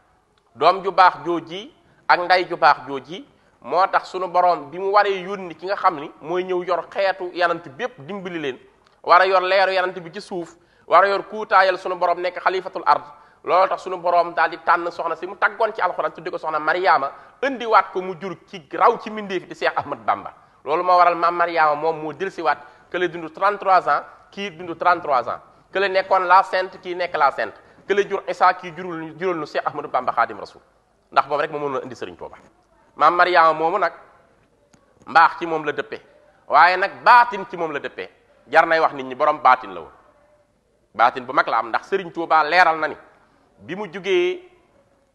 doom ju baax jooji ak nday ju baax jooji moo tax sunu borom bi mu waree yónni ki nga xam ni mooy ñëw yor xeetu yanant bépp dimbali leen war a yor leeru yanant bi ci suuf war a yor kuutaayal sunu borom nekk xalifatul ard loolu tax suñu boroom daal di tànn soxna si mu taggoon ci alxuraan tudde ko soxna Mariama indiwaat ko mu jur ci raw ci mbindeef di Seex Ahmad Bamba loolu moo waral maam Mariama moom moo dellusiwaat kële dund 33 ans kii dund 33 ans nekkoon la sainte kii nekk la sainte kële jur Isaa kii jurul jural nu Seex Ahmadu Bamba Xaadim Rasul ndax boobu rek moo mën a indi Sëriñ Tuuba moomu nag mbaax ci moom la dëppee waaye nag baatin ci moom la dëppee jar nay wax nit ñi borom baatin la woon baatin bu mag la am ndax Sëriñ Tuuba leeral na ni. bi mu jógee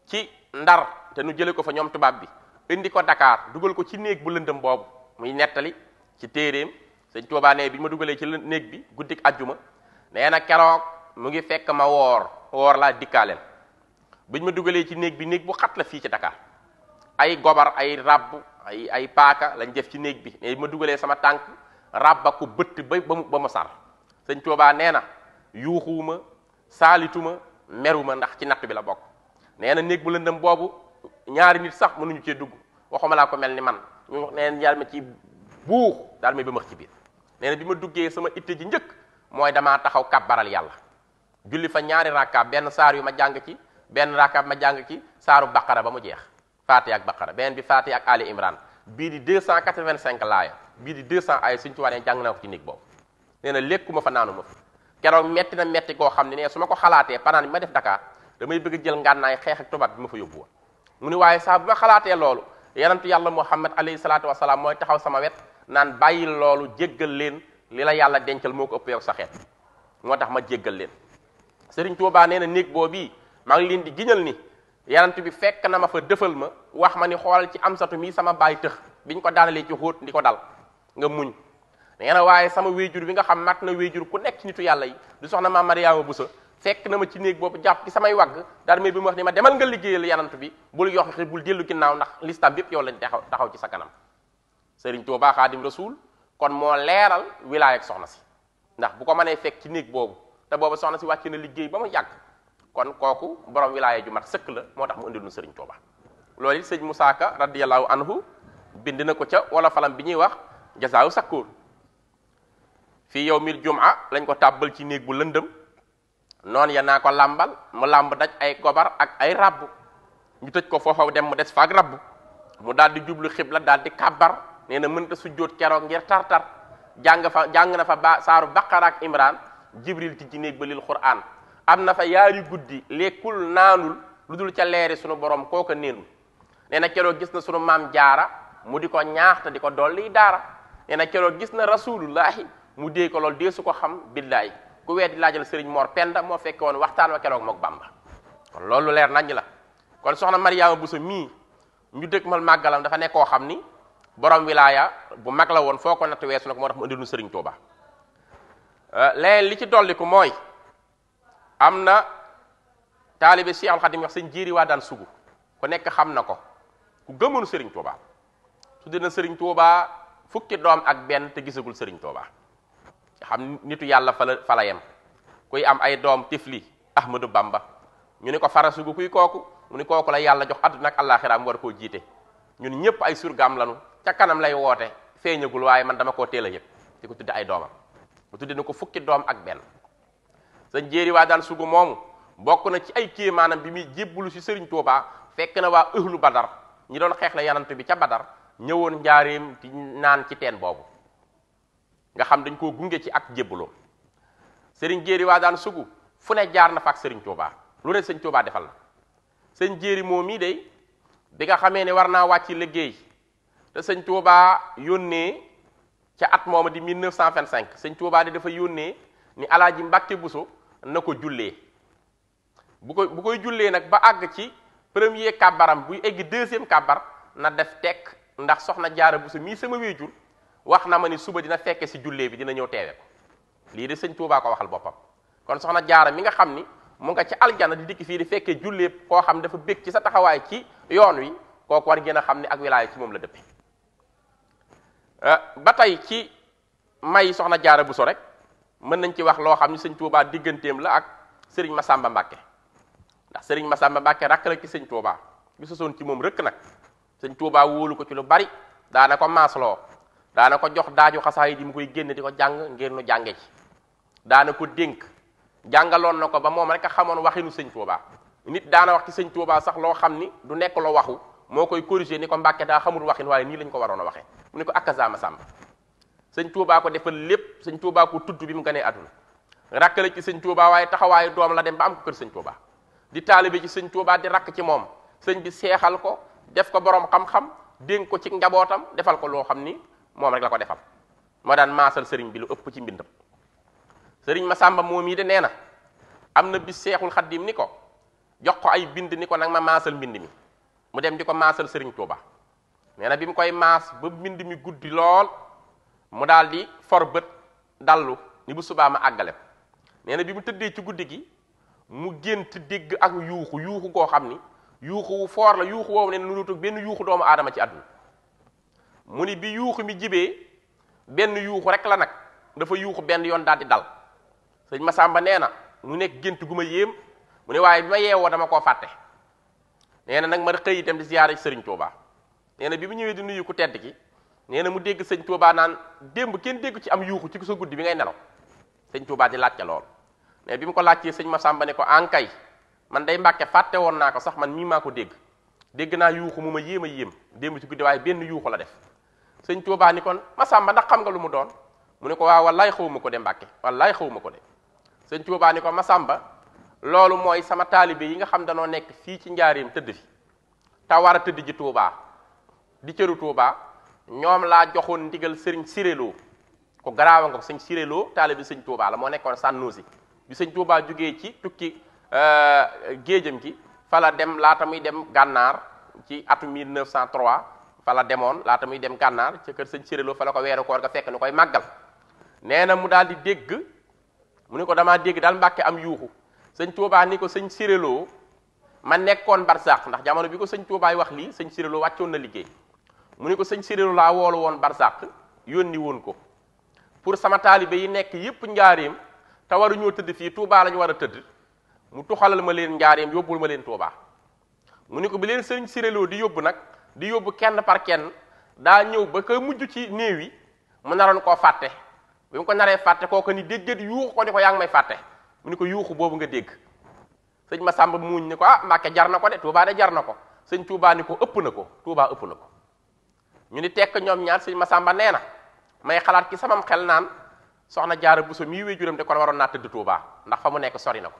ci ndar te nu jële ko fa ñoom tubaab bi indi ko dakaar dugal ko ci néeg bu lëndëm boobu muy nettali ci téeréem sëñ Tuubaa bi ma dugalee ci néeg bi guddik ajjuma nee na keroog mu ngi fekk ma woor woor laa dikkaaleel biñ ma dugalee ci néeg bi néeg bu xat la fii ci Dakar ay gobar ay rabb ay paaka lañ def ci néeg bi ma dugalee sama tànk rabba ko bëtt ba ba mu saalituma meruma ndax ci natt bi la bokk nee na néeg bu lëndëm boobu ñaari nit sax mënuñu cee dugg waxuma laa ko mel ni man ñu wax nee ma ci buux daal may ba max ci biir nee na bi ma duggee sama itte ji njëkk mooy damaa taxaw kàbbaral yàlla julli fa ñaari rakkaab benn saar yu ma jàng ci benn rakkaab ma jàng ci saaru baqara ba mu jeex faati ak baqara beneen bi faati ak ali imran bii di 285 laaya bii di 200 aaya suñ ci waree jàng naa ko ci néeg boobu nee na fa naanuma fa keroog metti na metti koo xam ne ne su ma ko xalaatee panaan bi ma def Dakar damay bëgg jël ngànnaay xeex ak tubaab bi ma fa yóbbu mu ni waaye saa bu ma xalaatee loolu yanantu yàlla Muhammad alayhi salaatu wasalaam mooy taxaw sama wet naan bàyyi loolu jéggal leen li la yàlla dencal moo ko ëpp yow sa moo tax ma jéggal leen Serigne Touba nee na néeg boobu maa ngi leen di giñal ni yanant bi fekk na ma fa dëfal ma wax ma ni xoolal ci amsatu mi sama baay tëx ñu ko daanalee ci xóot di ko dal nga muñ nee na waaye sama wéyjur bi nga xam mat na wéyjur ku nekk ci nitu yàlla yi du soxna maam Mariama Busa fekk na ma ci néeg boobu jàpp ci samay wagg daal may bi mu wax ni ma demal nga liggéeyal yanant bi bul yoxi bul dellu ginnaaw ndax listam bépp yow lañ taxaw taxaw ci sa kanam Sëriñ Tuubaa Xaadim Rasuul kon moo leeral wilaay ak soxna si ndax bu ko manee fekk ci néeg boobu te boobu soxna si wàcc na liggéey ba mu yàgg kon kooku borom wilaaya ju mat sëkk la moo tax mu indil nu Sëriñ Tuubaa loolu it sëñ Musaa Ka radiyallahu anhu bind na ko ca wala falam bi ñuy wax jasaaw sakkuur fii yow mi jumaa lañ ko tàbbal ci néeg bu lëndëm noonu ya naa ko làmbal mu làmb daj ay gobar ak ay rabbu ñu tëj ko foofa dem mu des fa ak rabbu mu daal di jublu xibla daal di kàbbar nee na mënta sujjóot keroog ngir tar-tar jàng fa jàng na fa ba saaru baqara ak jibril ti ci néeg ba lil quraan am na fa yaari guddi lekkul naanul lu dul ca leeri sunu borom kooka neenul nee keroog gis na sunu maam jaara mu di ko ñaax te di ko dolli daara nee na mu dee ko loolu dee su ko xam billaay ku weddi laajal sëriñ Mor Penda moo fekke woon waxtaan wa keroog mook Bamba kon loolu leer nañ la kon soxna bu Bousso mii ñu dëkk mal màggalam dafa nekk koo xam ni borom wilaaya bu mag la woon foo ko natt weesu nag moo tax mu indi nu sëriñ Touba euh, leneen li ci dolliku mooy am na taalibe Cheikhul Khadim wax sëñ jiiri waa daan sugu ku nekk xam na ko ku gëmoon sëriñ Touba su dina sëriñ Touba fukki doom ak benn te gisagul sëriñ Touba. xam nitu yàlla fala fala yem kuy am ay doom tifli ahmadou bamba ñu ni ko fara farasugu kuy kooku mu ni kooku la yàlla jox àdduna ak àllaaxira war koo jiite ñun ñëpp ay surgaam lanu ca kanam lay woote feeñagul waaye man dama koo teel a yëg di ko ay doomam mu tudde ni ko fukki doom ak benn sëñ jéeri waa daan sugu moomu bokk na ci ay kéemaanam bi muy jébbalu si sëriñ Tuubaa fekk na waa ëhlu badar ñi doon xeex la yanant bi ca badar ñëwoon njaareem di naan ci teen boobu nga xam dañ koo gunge ci ak jébbaloo sëriñ jéeri waa daan sugu fu ne jaar na fa ak sëriñ Touba lu ne sëñ Touba defal na sëñ jéeri moom mii day bi nga xamee ne war naa wàcc liggéey te sëñ Touba yónnee ca at mooma di 1925 sëñ Touba de dafa yónnee ni alaaji Mbàkke Buso na ko jullee bu ko bu koy jullee nag ba àgg ci premier kabaram buy egg deuxième kabar na def tekk ndax soxna jaara Buso mii sama wéjur wax na ma ni suba dina fekke si jullee bi dina ñëw teewe lii de sëñ Tuubaa ko waxal boppam kon soxna jaara mi nga xam ni mu nga ci aljana di dikk fii di fekkee jullee koo xam dafa bég ci sa taxawaay ci yoon wi kooku war ngeen a xam ne ak wilaaya ci moom la dëppe eh, ba tey ci may soxna jaara Buso rek mën nañ ci wax loo xam ni sëñ Tuubaa digganteem la ak sëriñ sàmba Mbàkke ndax sëriñ Masamba Mbàkke rakk la ci sëñ Tuubaa gi sosoon ci moom rëkk nag sëñ Tuubaa wóolu ko ci lu bari daana ko maasloo daana ko jox daaju xasaayid yi mu koy génn di ko jàng ngir nu jànge ci daana ko dénk jàngaloon na ko ba moom rek a xamoon waxinu sëñ Tuubaa nit daana wax ci sëñ Tuubaa sax loo xam ni du nekk loo waxu moo koy corrigé ni ko Mbàkke daa xamul waxin waaye nii lañ ko waroon a waxee mu ne ko akazama sàmm sëñ Tuubaa ko defal lépp sëñ Tuubaa ko tudd bi mu gënee àdduna rakkale ci sëñ Tuubaa waaye taxawaayu doom la dem ba am ko kër sëñ Tuubaa di taalibe ci sëñ Tuubaa di rakk ci moom sëñ bi seexal ko def ko borom xam-xam ko ci njabootam defal ko loo xam ni moom rek la ko defal moo daan maasal sëriñ bi lu ëpp ci mbindam sëriñ sàmba moom yi de nee na am na bi seexul xaddim ni ko jox ko ay mbind ni ko nag ma maasal mbind mi mu dem di ko maasal sëriñ Touba nee na bi mu koy maas ba mbind mi guddi lool mu daal di for bët dallu ni bu subaa ma àggale ko nee na bi mu tëddee ci guddi gi mu gént dégg ak yuuxu yuuxu koo xam ni yuuxu wu foor la yuuxu woowu ne lu dul benn yuuxu doomu aadama ci àdduna mu ni bi yuuxu mi jibee benn yuuxu rek la nag dafa yuuxu benn yoon daal di dal sëñ Masamba nee na mu nekk gént gu ma yéem mu ne waaye bi ma yeewoo dama koo fàtte nee na nag ma xëy dem di ziyaare sëriñ Touba nee na bi mu ñëwee di nuyu ku tedd ki nee mu dégg sëñ Touba naan démb kenn dégg ci am yuuxu ci sa guddi bi ngay nelaw sëñ Touba di laajte lool bi mu ko laajtee sëñ Masamba ne ko ankay man day mbàkke fàtte woon naa ko sax man mii maa ko dégg dégg naa yuuxu mu ma yéem a yéem démb ci guddi waaye benn yuuxu la def sëñ Tuubaa ni kon Masamba ndax xam nga lu mu doon mu ne ko waaw wallaay xawma ko de Mbàkke wallaay xawma ko de sëñ Tuubaa ni ko Masamba loolu mooy sama taalibe yi nga xam danoo nekk fii ci njaareem tëdd fi te war a tëdd ji Tuubaa di cëru Tuubaa ñoom laa joxoon ndigal sëriñ Siréloo ko garaawa nga ko sëñ Siréloo taalibe sëñ Tuubaa la moo nekkoon sànnuusi bi sëñ Tuubaa jógee ci tukki euh, géejam gi fa la dem laata muy dem gànnaar ci atum 1903 fa la demoon laata muy dem gànnaar ca kër sëñ séréloo fa la ko weeru koor ga fekk nu koy màggal nee na mu daal di dégg mu ni ko damaa dégg daal mbàkke am yuuxu sëñ Tuubaa ni ko sëñ séréloo ma nekkoon barsaq ndax jamono bi ko sëñ Tuubaay wax lii sëñ séréloo wàccoon na liggéey mu ni ko sëñ séréloo laa woolu woon barsaq yónni woon ko pour sama taalibe yi nekk yépp njaareem te waruñoo tëdd fii Tuubaa lañu war a tëdd mu tuxalal ma leen njaareem yóbbul ma leen Tuubaa mu ni ko bi leen sëñ séréloo di yóbbu nag di yóbbu kenn par kenn daa ñëw ba ka mujj ci néew yi mu naroon koo fàtte bi mu ko naree fàtte kooku ni déggat yuuxu ko ni ko yaa ngi may fàtte mu ni ko yuuxu boobu nga dégg sëñ Masamba muuñ ni ko ah Mbàkke na ko de Touba de jar na ko sëñ Touba ni ko ëpp na ko Touba ëpp na ko ñu ni tekk ñoom ñaar sëñ Masamba nee na may xalaat ki samam xel naan soxna jaara buso mii wéjuram de kon waroon naa tëdd Touba ndax fa mu nekk sori na ko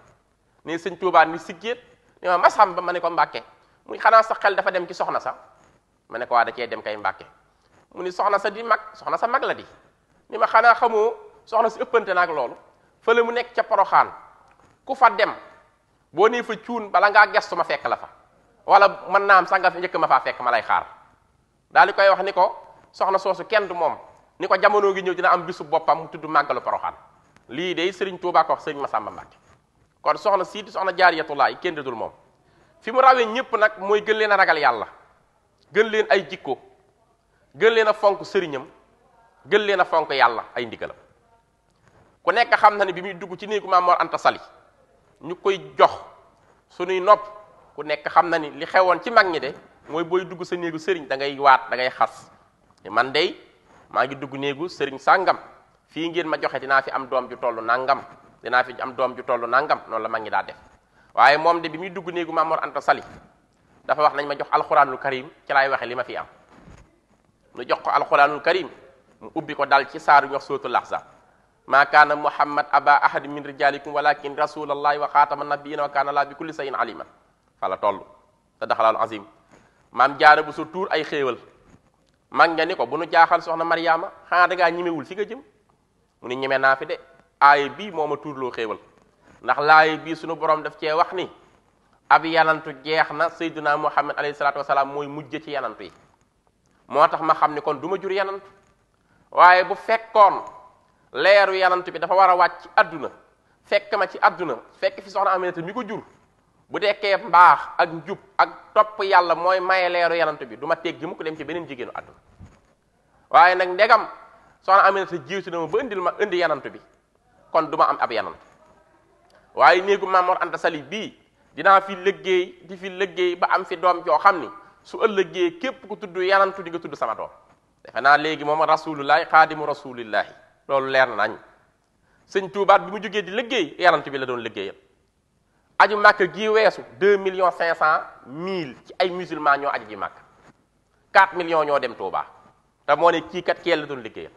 ne sëñ Touba ni siggeet ni ma Masamba ma ne ko Mbàkke muy xanaa sa xel dafa dem ci soxna sa ma ne ko waa da cee dem kay mbàkke mu ni soxna sa di mag soxna sa mag la di ni ma xanaa xamoo soxna si ëppante ak loolu fële mu nekk ca poroxaan ku fa dem boo nee fa cuun bala ngaa gestu ma fekk la fa wala mën naa am sax nga njëkk ma faa fekk ma lay xaar daal di koy wax ni ko soxna soosu kenn du moom ni ko jamono gi ñëw dina am bisu boppam mu tudd màggalu poroxaan lii de sëriñ Tuubaa ko wax ma Masamba Mbàkke kon soxna sii di soxna jaariyatullah yi kenn dul moom fi mu rawee ñëpp nag mooy gën leen a ragal yàlla gën leen ay jikko gën leen a fonk sëriñam gën leen a fonk yàlla ay ndigalam ku nekk xam na ne bi muy dugg ci néegu Maam Mor Anta Sali ñu koy jox suñuy nopp ku nekk xam na ni li xewoon ci mag ñi de mooy booy dugg sa néegu sëriñ da ngay waat da ngay xas man dey maa ngi dugg néegu sëriñ sàngam fii ngeen ma joxe dinaa fi am doom ju tollu nangam dinaa fi am doom ju tollu nangam noonu la mag ñi daa def waaye moom de bi muy dugg néegu Maam Mor Sali dafa wax nañ ma jox alxuraanul karim ci laay waxe li ma fi am nu jox ko alxuraanul karim mu ubbi ko dal ci saar ñu wax suratul ahzab maa kaana muhammad aba ahad min rijalikum walakin rasulallahi wa xaatama nabiina wa kaana laa bi kulli sayin aliman fala toll te daxalaalu azim maam jaara bu su tuur ay xéewal mag nga ni ko bu nu jaaxal soxna mariama xanaa dangaa ñimewul fi nga jëm mu ni ñeme naa fi de aaya bii moo ma tuurloo xéewal ndax laaye bii sunu borom daf cee wax ni ab yanantu jeex na sayyiduna muhammad alayhi salaatu wasalaam mooy mujj ci yanantu yi moo tax ma xam ni kon duma jur yanantu waaye bu fekkoon leeru yanantu bi dafa war a wàcc ci àdduna fekk ma ci àdduna fekk fi soxna Aminata mi ko jur bu dekkee mbaax ak njub ak topp yàlla mooy maye leeru yanantu bi du ma teggi mukk dem ci beneen jigéenu adduna waaye nag ndegam soxna Aminata jiwtu na ma ba indil ma indi yanantu bi kon duma am ab yanantu waaye dinaa fi liggéey di fi liggéey ba am fi doom joo xam ni su ëllëgee képp ku tudd yanantu di nga tudd sama doom defe naa léegi moom rasulullahi xaadimu rasulillahi loolu leer na nañ sëñ tuubaat bi mu jógee di liggéey yanantu bi la doon liggéeyam aju màkk gii weesu deux millions cinq cent mille ci ay musulman ñoo aju ji màkk quatre millions ñoo dem Touba te moo ne kii kat keel la doon liggéeyal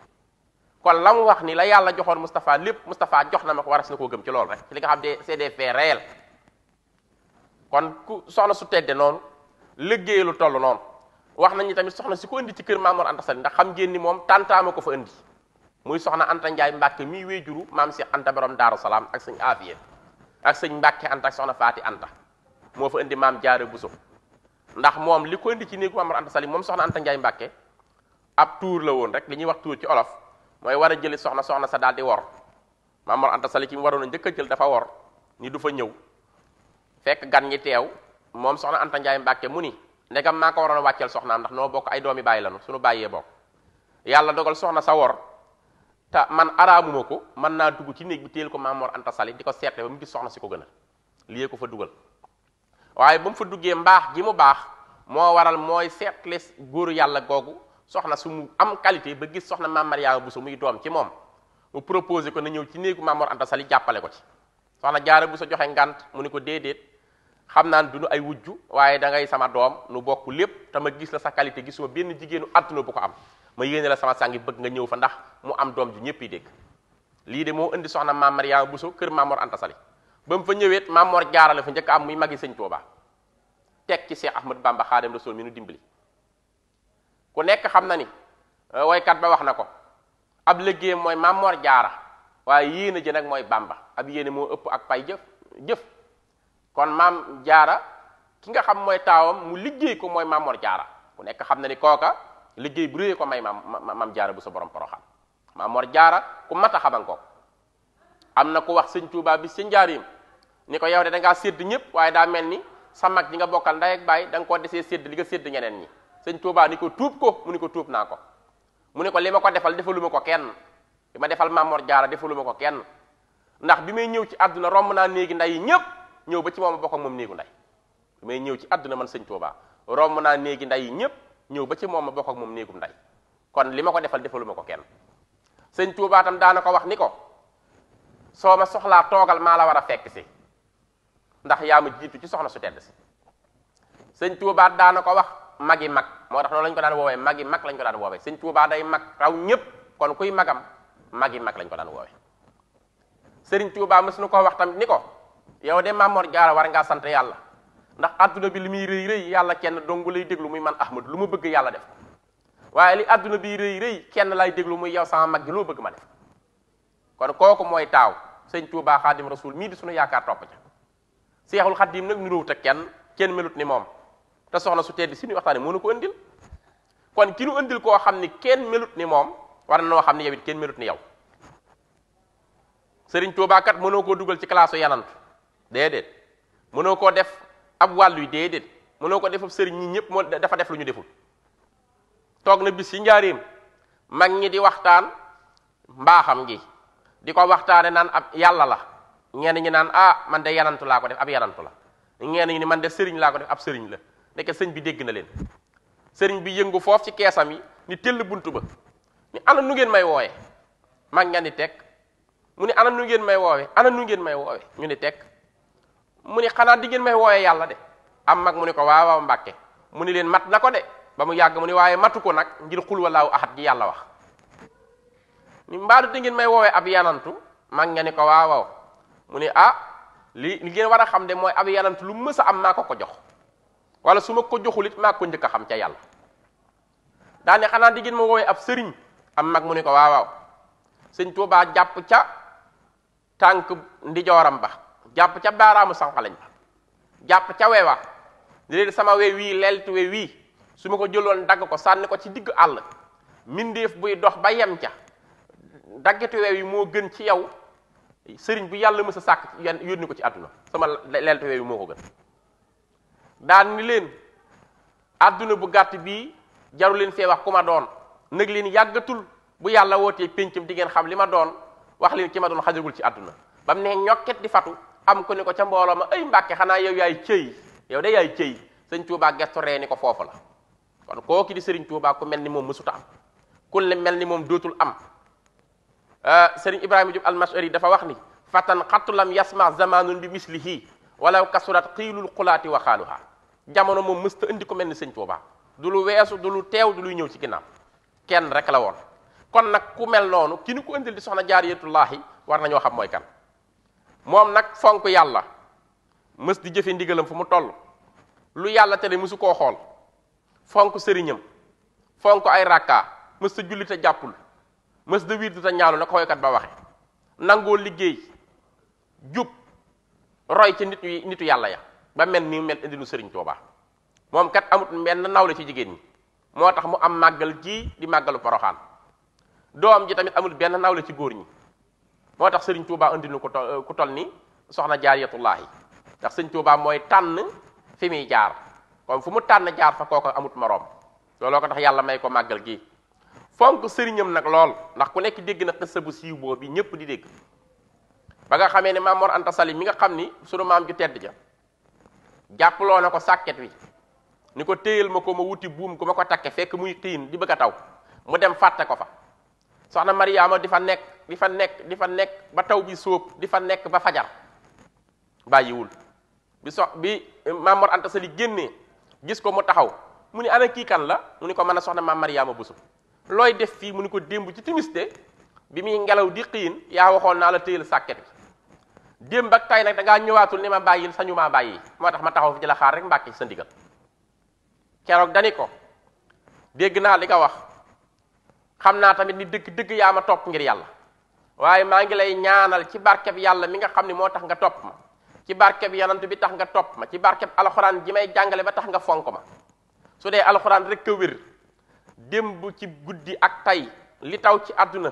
kon la mu wax ni la yàlla joxoon Moustapha lépp Moustapha jox na na koo gëm ci loolu rek nga xam de c'est des faits kon ku soxna su tedde noonu liggéey lu toll noonu wax nañu tamit soxna si ko indi ci kër Maam Mor Anta ndax xam ngeen ni moom tantaama ko fa indi muy soxna Anta Ndiaye Mbacke mii wéejuru maam Cheikh Anta borom Daaru Salaam ak sëñ Afiya ak sëñ Mbacke Anta soxna Faati Anta moo fa indi maam Jaara Buso ndax moom li ko indi ci néegu Maam Mor Anta Sali moom soxna Anta Ndiaye Mbacke ab tuur la woon rek li ñuy wax tuur ci olof mooy war a jëli soxna soxna sa daal di wor Maam Mor Anta Sali ki mu waroon a njëkk a jël dafa wor ni du fa ñëw fekk gan ñi teew moom soxna Anta Ndiaye Mbacke mu ni ndegam maa ko waroon a wàcceel soxnaam ndax noo bokk ay doomi bàyyi lanu suñu bàyyee bokk yàlla dogal soxna sa wor te man araamuma ko mën naa dugg ci néeg bi ko Maam Anta Sali di ko seetle ba mu gis soxna si ko gën a liyee ko fa dugal waaye ba mu fa duggee mbaax gi mu baax moo waral mooy seetle góor yàlla googu soxna su mu am qualité ba gis soxna Maam bu Buso muy doom ci moom mu proposé ko na ñëw ci néegu Maam Anta Sali jàppale ko ci soxna jaara bu xam naa du nu ay wujju waaye da ngay sama doom nu bokk lépp te gis la sa qualité gisuma benn jigéenu àdduna bu ko am ma yéene la sama sàngi bëgg nga ñëw fa ndax mu am doom ju ñëpp yi dégg lii de moo indi soxna maam bu Bousso kër Mamor Anta Sali ba mu fa ñëweet Mamor jaarale fa njëkk am muy magi sëñ Tuuba teg ci Seex Ahmad Bamba Xaadimu Rasuul mi nu dimbali ku nekk xam na ni euh, woykat ba wax na ko ab liggéeyam mooy Mamor jaara waaye yéene ji nag mooy Bamba ab yéene moo ëpp ak pay kon maam jaara ki nga xam mooy taawam mu liggéey ko mooy maam Mor jaara ku nekk xam na ni kooka liggéey bu réyee ko may maam maam jaara bu sa borom poroxaan maam Mor jaara ku mat a xaban ko am na ku wax sëñ Tuubaa bi sëñ Njaaréem ni ko yow de dangaa ngaa sédd ñëpp waaye daa mel ni sa mag ji nga bokkal ndey ak baay da koo desee sédd li nga sédd ñeneen ñi sëñ Tuubaa ni ko tuub ko mu ni ko tuub naa ko mu ne ko li ma ko defal defaluma ko kenn li ma defal maam jaara defaluma ko kenn ndax bi may ñëw ci àdduna romb naa néegi nday ñëpp ñëw ba ci moom bokk ak moom néegu nday may ñëw ci àdduna man sëñ Tuubaa romb naa néegi nday yi ñëpp ñëw ba ci moom ma bokk ak moom néegum nday kon li ma ko defal defaluma ko kenn sëñ Tuubaa tam daana ko wax ni ko soo ma soxlaa toogal maa la war a fekk si ndax yaa ma jiitu ci soxna su tedd si sëñ Tuubaa daana ko wax magi mag moo tax noonu lañ ko daan woowee magi mag lañ ko daan woowee sëñ Tuubaa day mag raw ñëpp kon kuy magam magi mag lañ ko daan woowee sëriñ Tuubaa mës na ko wax tamit ni ko yow de Mamor Jaara war ngaa sant yàlla ndax adduna bi li muy rëy rëy yàlla kenn dongu lay déglu muy man Ahmadu lu ma bëgg yàlla def waaye li àdduna bi rëy rëy kenn lay déglu muy yow sama mag gi loo bëgg ma def kon kooku mooy taaw sëñ Tuubaa Xaadim Rasuul mii di sunu yaakaar topp ca Seexul Xaadim nag nuróowut ak kenn kenn melut ni moom te soxna su tedd si ñu waxtaane moo na ko indil kon ki indil koo xam ni kenn melut ni moom war na xam ni yow kenn melut ni yow sëriñ Tuubaa mënoo koo dugal ci classe yanant déedéet mënoo koo def ab wàllu yi déedéet mënoo ko def ab sëriñ ñi ñëpp moo dafa def lu ñu deful toog na bis ci njaareem mag ñi di waxtaan mbaaxam gi di ko waxtaane naan ab yàlla la ñenn ñi naan ah man de yenantu laa ko def ab yanantu la ñenn ñi ni man de sëriñ laa ko def ab sëriñ la ndeke sëñ bi dégg na leen sëriñ bi yëngu foofu ci keesam yi ni tëll buntu ba ni ana nu ngeen may woowe mag nga di teg mu ne ana nu ngeen may woowe ana nu ngeen may woowe ñu ni teg mu ni xanaa di ngeen may wooye yàlla de am mag mu ni ko waaw waaw mu ni leen mat na ko de ba mu yàgg mu ni waaye matu ko nag ngir xul walaaw axat gi yàlla wax ni mbaadu may woowe ab yanantu mag nga ni ko waaw mu ni ah li li ngeen war a xam de mooy ab yanantu lu mës a am maa ko ko jox wala su ma ko joxulit maa ko njëkk a xam ca yàlla daane xanaa di ngeen ma woowe ab sëriñ am mag mu ni ko waaw waaw sëñ Tuubaa jàpp ca tànk ndijooram ba jàpp ca baaraamu sànq lañ jàpp ca weewa li leen sama we wii leltu we wii su ma ko jëloon dagg ko sànni ko ci digg àll mindeef buy dox ba yem ca daggetu weew yi moo gën ci yow sëriñ bu yàlla mës a sàkk yónni ko ci àdduna sama leltu weew yi moo ko gën daan ni leen àdduna bu gàtt bii jaru leen fee wax ku ma doon nag leen yàggatul bu yàlla wootee péncam di ngeen xam li ma doon wax leen ki ma doon xajagul ci àdduna ba mu ñokket di fatu am ku ni ko ca mbooloo ma ay mbàkke xanaa yow yaay cëy yow de yaay cëy sëñ Tuubaa gestu ree ni ko foofu la kon kooki di sëriñ Tuubaa ku mel ni moom mësuta am ku mel ni moom dootul am ah, sëriñ Ibrahima Diop al-Mashari dafa wax ni fatan xattu lam yasma zamanun bi mislihi walaw kasurat xiilul xulaati wa xaaluha jamono moom mësta indi ko mel ni sëñ Tuubaa du lu weesu du lu teew du luy ñëw ci ginnaaw kenn rek la woon kon nag ku mel noonu ki ni ko indil di soxna jaariyatullahi war nañoo xam mooy kan moom nag fonk yàlla mës di jëfe ndigalam fu mu toll lu yàlla tere mësu koo xool fonk sëriñam fonk ay rakkaa mës ta julli te jàppul mës da wiir ta ñaalu na ko koykat ba waxe nangoo liggéey jub roy ci nit ñi nitu yàlla ya ba mel ni mel indi nu sëriñ Tuubaa moom kat amut benn na nawle ci jigéen ñi moo tax mu am màggal ji di màggalu Poroxaan doom ji tamit amul benn nawle ci góor ñi moo tax sëriñ Touba indi nu ku tol ku tol ni soxna jaariyatullahi ndax sëriñ Touba mooy tànn fi muy jaar kon fu mu tànn jaar fa kooko amut moroom looloo ko tax yàlla may ko màggal gi fonk sëriñam nag lool ndax ku nekk dégg na xissa bu siiw boo bi ñépp di dégg ba nga xamee ne maam Mor Sali mi nga xam ni sunu maam ju tedd ja jàppaloo na ko sàkket wi ni ko téyal ma ko ma wuti buum ku ma ko takkee fekk muy xiin di bëgg a taw mu dem fàtte ko fa soxna mariyaama di fa nekk di fa nekk di fa nekk ba taw bi sóob di fa nekk ba fajar bàyyiwul bi so bi Mamor Anta Sali génnee gis ko mu taxaw mu ni ana kii kan la mu ni ko mën a soxna maam mariyaama busu looy def fii mu ni ko démb ci timiste bi muy ngelaw di xiin yaa waxoon naa la téyel sàkket bi démb ak tay nag da ngaa ñëwaatul ni ma bàyyil sañu maa bàyyi moo tax ma taxaw fi ci la xaar rek mbàkke sa ndigal keroog dani ko dégg naa li ko wax xam naa tamit ni dëgg-dëgg yaa ma topp ngir yàlla waaye maa ngi lay ñaanal ci barkeb yàlla mi nga xam ne moo tax nga topp ma ci barkeb yonent bi tax nga topp ma ci barkeb alxuraan ji may jàngale ba tax nga fonk ma su dee alxuraan rek a wér démb ci guddi ak tey li taw ci àdduna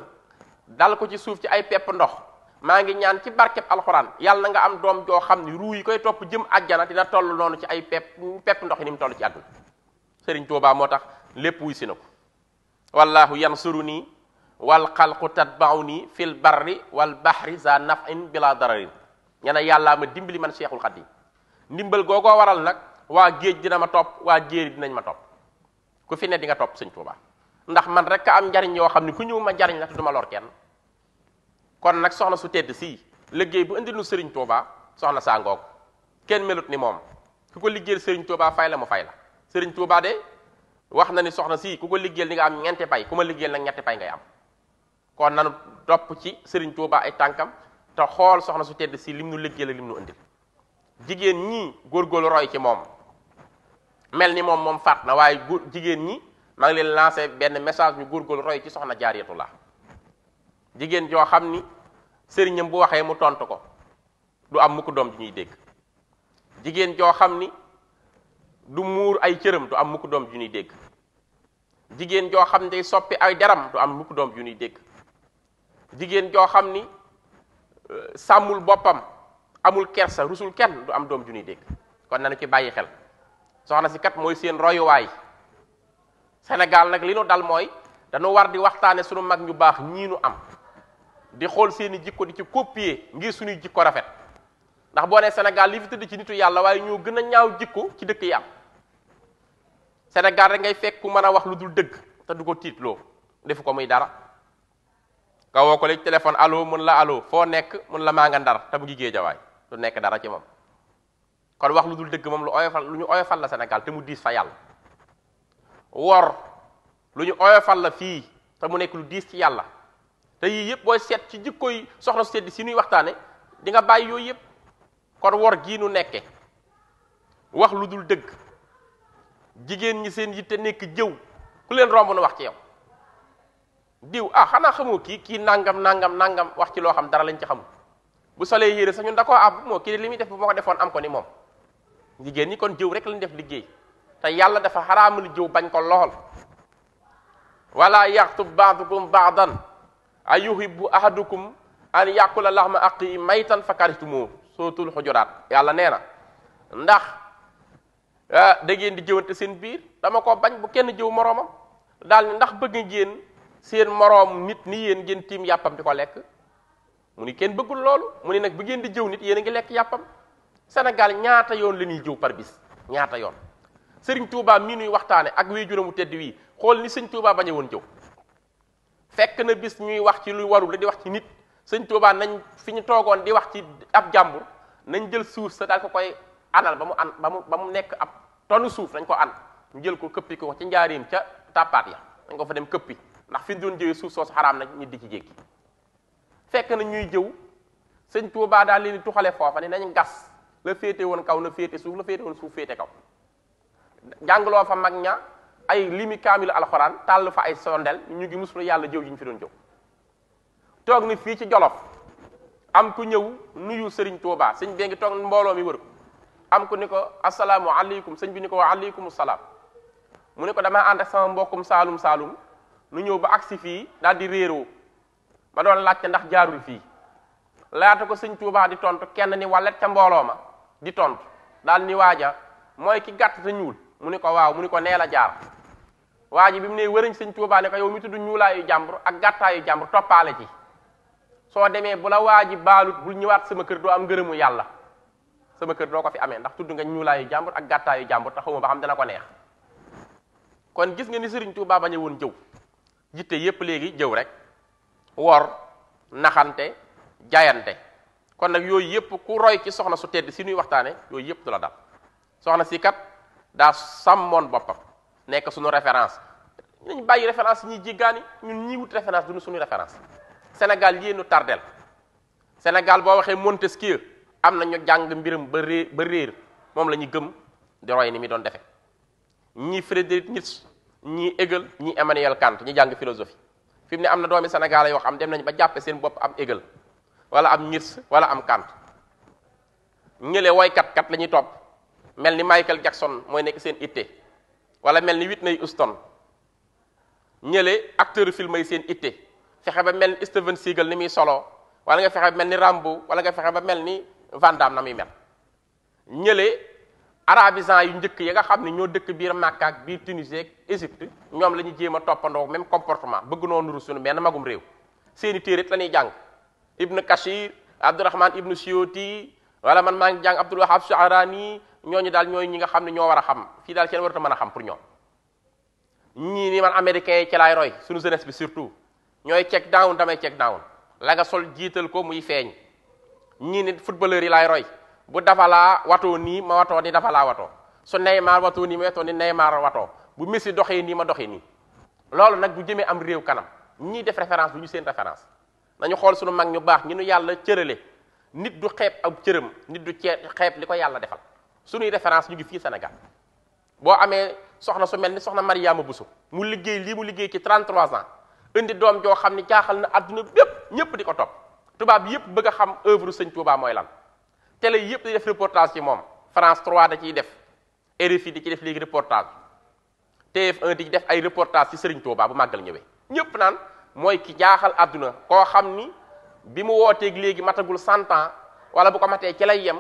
dal ko ci suuf ci ay pepp ndox maa ngi ñaan ci barkeb alxuraan yàlla na nga am doom joo xam ni ruu yi koy topp jëm àjjana dina toll noonu ci ay pepp pepp ndox yi ni mu toll ci àdduna Sëriñ Tuubaa moo tax lépp wuy si na ko wallahu yansuruni wal baaw nii fil barri wal bahri za nafin bila dararin ñe ne yàllaa ma dimbali man cheikhul xadim ndimbal goo googoo waral nag waa géej dina ma topp waa jéeri dinañ ma topp ku fi ne di nga topp sëñ Tuuba ndax man rek am njariñ yoo xam ne ku ñëw ma njariñ la te duma lor kenn kon nag soxna su tedd sii liggéey bu indi nu sëriñ Tuuba soxna saa ngoog kenn melut ni moom ku ko liggéey sëriñ Tuuba fay la mu fay la sëriñ Tuuba wax na ni soxna si ku ko liggéeyal di nga am ñeenti bay ku ma liggéeyal nag ñetti pay ngay am kon nanu topp ci Serigne Touba ay tànkam te xool soxna su tedd si lim nu liggéeyal ak lim nu indil jigéen ñi góor roy ci moom mel ni moom moom fàtt na waaye góor jigéen ñi maa ngi leen lancé benn message ñu góor góorgóorlu roy ci soxna la jigéen joo xam ni sëriñam bu waxee mu tontu ko du am mukk doom ji ñuy dégg jigéen joo xam ni du muur ay cëram du am mukk doom ju ñuy dégg jigéen joo xam ne soppi ay deram am mukk doom ju ñuy dégg jigéen joo xam ni euh, sàmmul boppam amul kersa rusul kenn du am doom ju ñuy dégg kon nañu ci bàyyi xel soxna si kat mooy seen royuwaay Sénégal nag li nu dal mooy dañu war di waxtaane suñu mag ñu baax ñii nu am di xool seeni jikko di ci copier ngir suñuy jikko rafet ndax boo nee Sénégal li fi tëdd ci nitu yàlla waaye ñoo gën a ñaaw jikko ci dëkk yi am Sénégal rek ngay fekk ku mën a wax lu dul dëgg te du ko tiitloo defu ko muy dara nga woo ko léegi téléphone allo mun la allo foo nekk mun la maa nga ndar te mu ngi géejawaay du nekk dara ci moom kon wax lu dul dëgg moom lu oyofal lu ñu oyofal la Sénégal te mu diis fa yàlla wor lu la fii te mu nekk lu diis ci yàlla te yii yëpp booy seet ci jikko yi soxna su sedd si nuy waxtaane di nga bàyyi yooyu yëpp kon wor gii nu nekke wax lu dul dëgg jigéen ñi seen yitte nekk jëw ku leen romb na wax ci yow diw ah xanaa xamoo kii kii nangam nangam nangam wax ci loo xam dara lañ ci xamul bu solee yére sax ñun da moo kii li muy def bu ma ko defoon am ko ni moom jigéen ñi kon jëw rek lañ def liggéey te yàlla dafa xaraamal jëw bañ ko lool wala yaxtub baadukum baadan a yuhibbu ahadukum an yàqula laxma aqi maytan fa karihtumuhu sootul xujuraat yàlla nee na ndax ah da ngeen di jëwante seen biir dama ko bañ bu kenn jëw moroomam daal ni ndax bëgg ngeen seen moroom nit ni yéen ngeen tiim yàppam di ko lekk mu ni kenn bëggul loolu mu ni nag bu ngeen di jëw nit yéen a ngi lekk yàppam senegal ñaata yoon la ñuy jëw par bis ñaata yoon sëriñ Touba mii nuy waxtaane ak wéy juróomu tedd wii xool ni sëñ tuubaa bañe woon jëw fekk na bis ñuy wax ci luy warul la di wax ci nit Serigne Touba nañ fi ñu toogoon di wax ci ab jàmbur nañ jël suuf sa anal ba mu an ba mu ba mu nekk ab tonne suuf dañ ko an mu jël ko këppi ko ci njaarim ca tàppaat ya dañ ko fa dem këppi ndax fi ñu doon jëwee suuf soosu xaraam na nit di ci jéggi fekk na ñuy jëw sëñ Tuubaa daal leen di tuxale foofa ne nañ gas la féete woon kaw na féete suuf la féete woon suuf féete kaw jàngloo fa mag ña ay limi kaamilu alxuraan tàll fa ay sondel ñu ngi musul yàlla jëw ji ñu fi doon jëw toog ni fii ci Jolof am ku ñëw nuyu sëriñ Tuubaa sëñ bee ngi toog mbooloo mi wër am ko ni ko asalaamu aleykum sëñ bi ni ko wa aleykum salaam mu ni ko damaa ànd sama mbokkum saalum saalum nu ñëw ba agsi fii daal di réeroo ba doon laajte ndax jaarul fii laata ko sëñ Tuubaa di tontu kenn ni walet ca mbooloo ma di tontu daal ni waaja mooy ki gàtt te ñuul mu ni ko waaw mu ni ko nee la jaar waa ji bi mu ne wëriñ sëñ Tuubaa ne ko yow mi tudd ñuulaayu jàmbur ak gàttaayu jàmbur toppaale ci soo demee bu la waa ji baalut bul ñëwaat sama kër doo am ngërëmu yàlla sama kër doo ko fi amee ndax tudd nga ñuulaayu jàmbur ak gàttaayu jàmbur te xawma xam dana ko neex gis nga ni Serigne Touba bañe jëw jitte yépp léegi jëw rek wor naxante jaayante kon nag yooyu yépp ku ci soxna su tedd si nuy waxtaane yooyu yépp du soxna si kat daa sàmmoon boppam nekk sunu référence nañ bàyyi référence ñi jéggaani ñun ñi wut référence duñu suñu référence Sénégal yéenu tardel Sénégal boo waxee Montesquieu am na ñu jàng mbiram ba réer ba moom la ñu gëm di ni muy doon defe ñii Frédéric Nietzsche ñii Hegel ñii Emmanuel Kant ñi jàng philosophie fi mu ne am na doomi Sénégal yoo xam dem nañ ba jàppe seen bopp am Hegel wala am Nietzsche wala am Kant ñële woykat kat la ñuy topp mel ni Michael Jackson mooy nekk seen itte wala mel ni Whitney Houston ñële acteur film yi seen itte fexe ba mel ni Steven Seagal ni muy solo wala nga fexe ba mel ni Rambo wala nga fexe ba mel ni Van Damme na muy mel ñële arabisants yu njëkk yi nga xam ne ñoo dëkk biir Makka ak biir Tunisie ak ñoom la ñu jéem toppandoo même comportement bëgg noo nuru suñu benn magum réew seeni téerit la ñuy jàng Ibn Kashir Abdurrahman Ibn Siyoti wala man maa ngi jàng Abdul Wahab Su'arani ñooñu daal ñooy ñi nga xam ne ñoo war a xam fii daal kenn waratu mën a xam pour ñoom ñii ni man américains yi ci laay roy suñu jeunesse bi surtout ñooy check down damay check down la sol jiital ko muy feeñ ñii nit footballeur yi laay roy bu dafalaa wato nii ma watoo ni laa wato su Neymar watoo nii ma watoo ni Neymar wato bu Messi doxee nii ma doxee nii loolu nag bu jëmee am réew kanam ñii def référence bu ñu seen référence nañu xool suñu mag ñu baax ñu nu yàlla cërale nit du xeeb ak cëram nit du cee xeeb li ko yàlla defal suñuy référence ñu ngi fii senegal boo amee soxna su mel ni soxna Mariama Bousso mu liggéey lii mu liggéey ci 33 ans indi doom joo xam ne jaaxal na adduna bépp ñëpp di ko tubaab yépp bëgg a xam œuvre sëñ Touba mooy lan télé yépp di def reportage ci moom France 3 da ciy def RFI di ci def léegi reportage TF1 di ci def ay reportage ci Serigne Touba bu màggal ñëwee ñépp naan mooy ki jaaxal àdduna koo xam ni bi mu wooteeg léegi matagul cent ans wala bu ko matee ci lay yem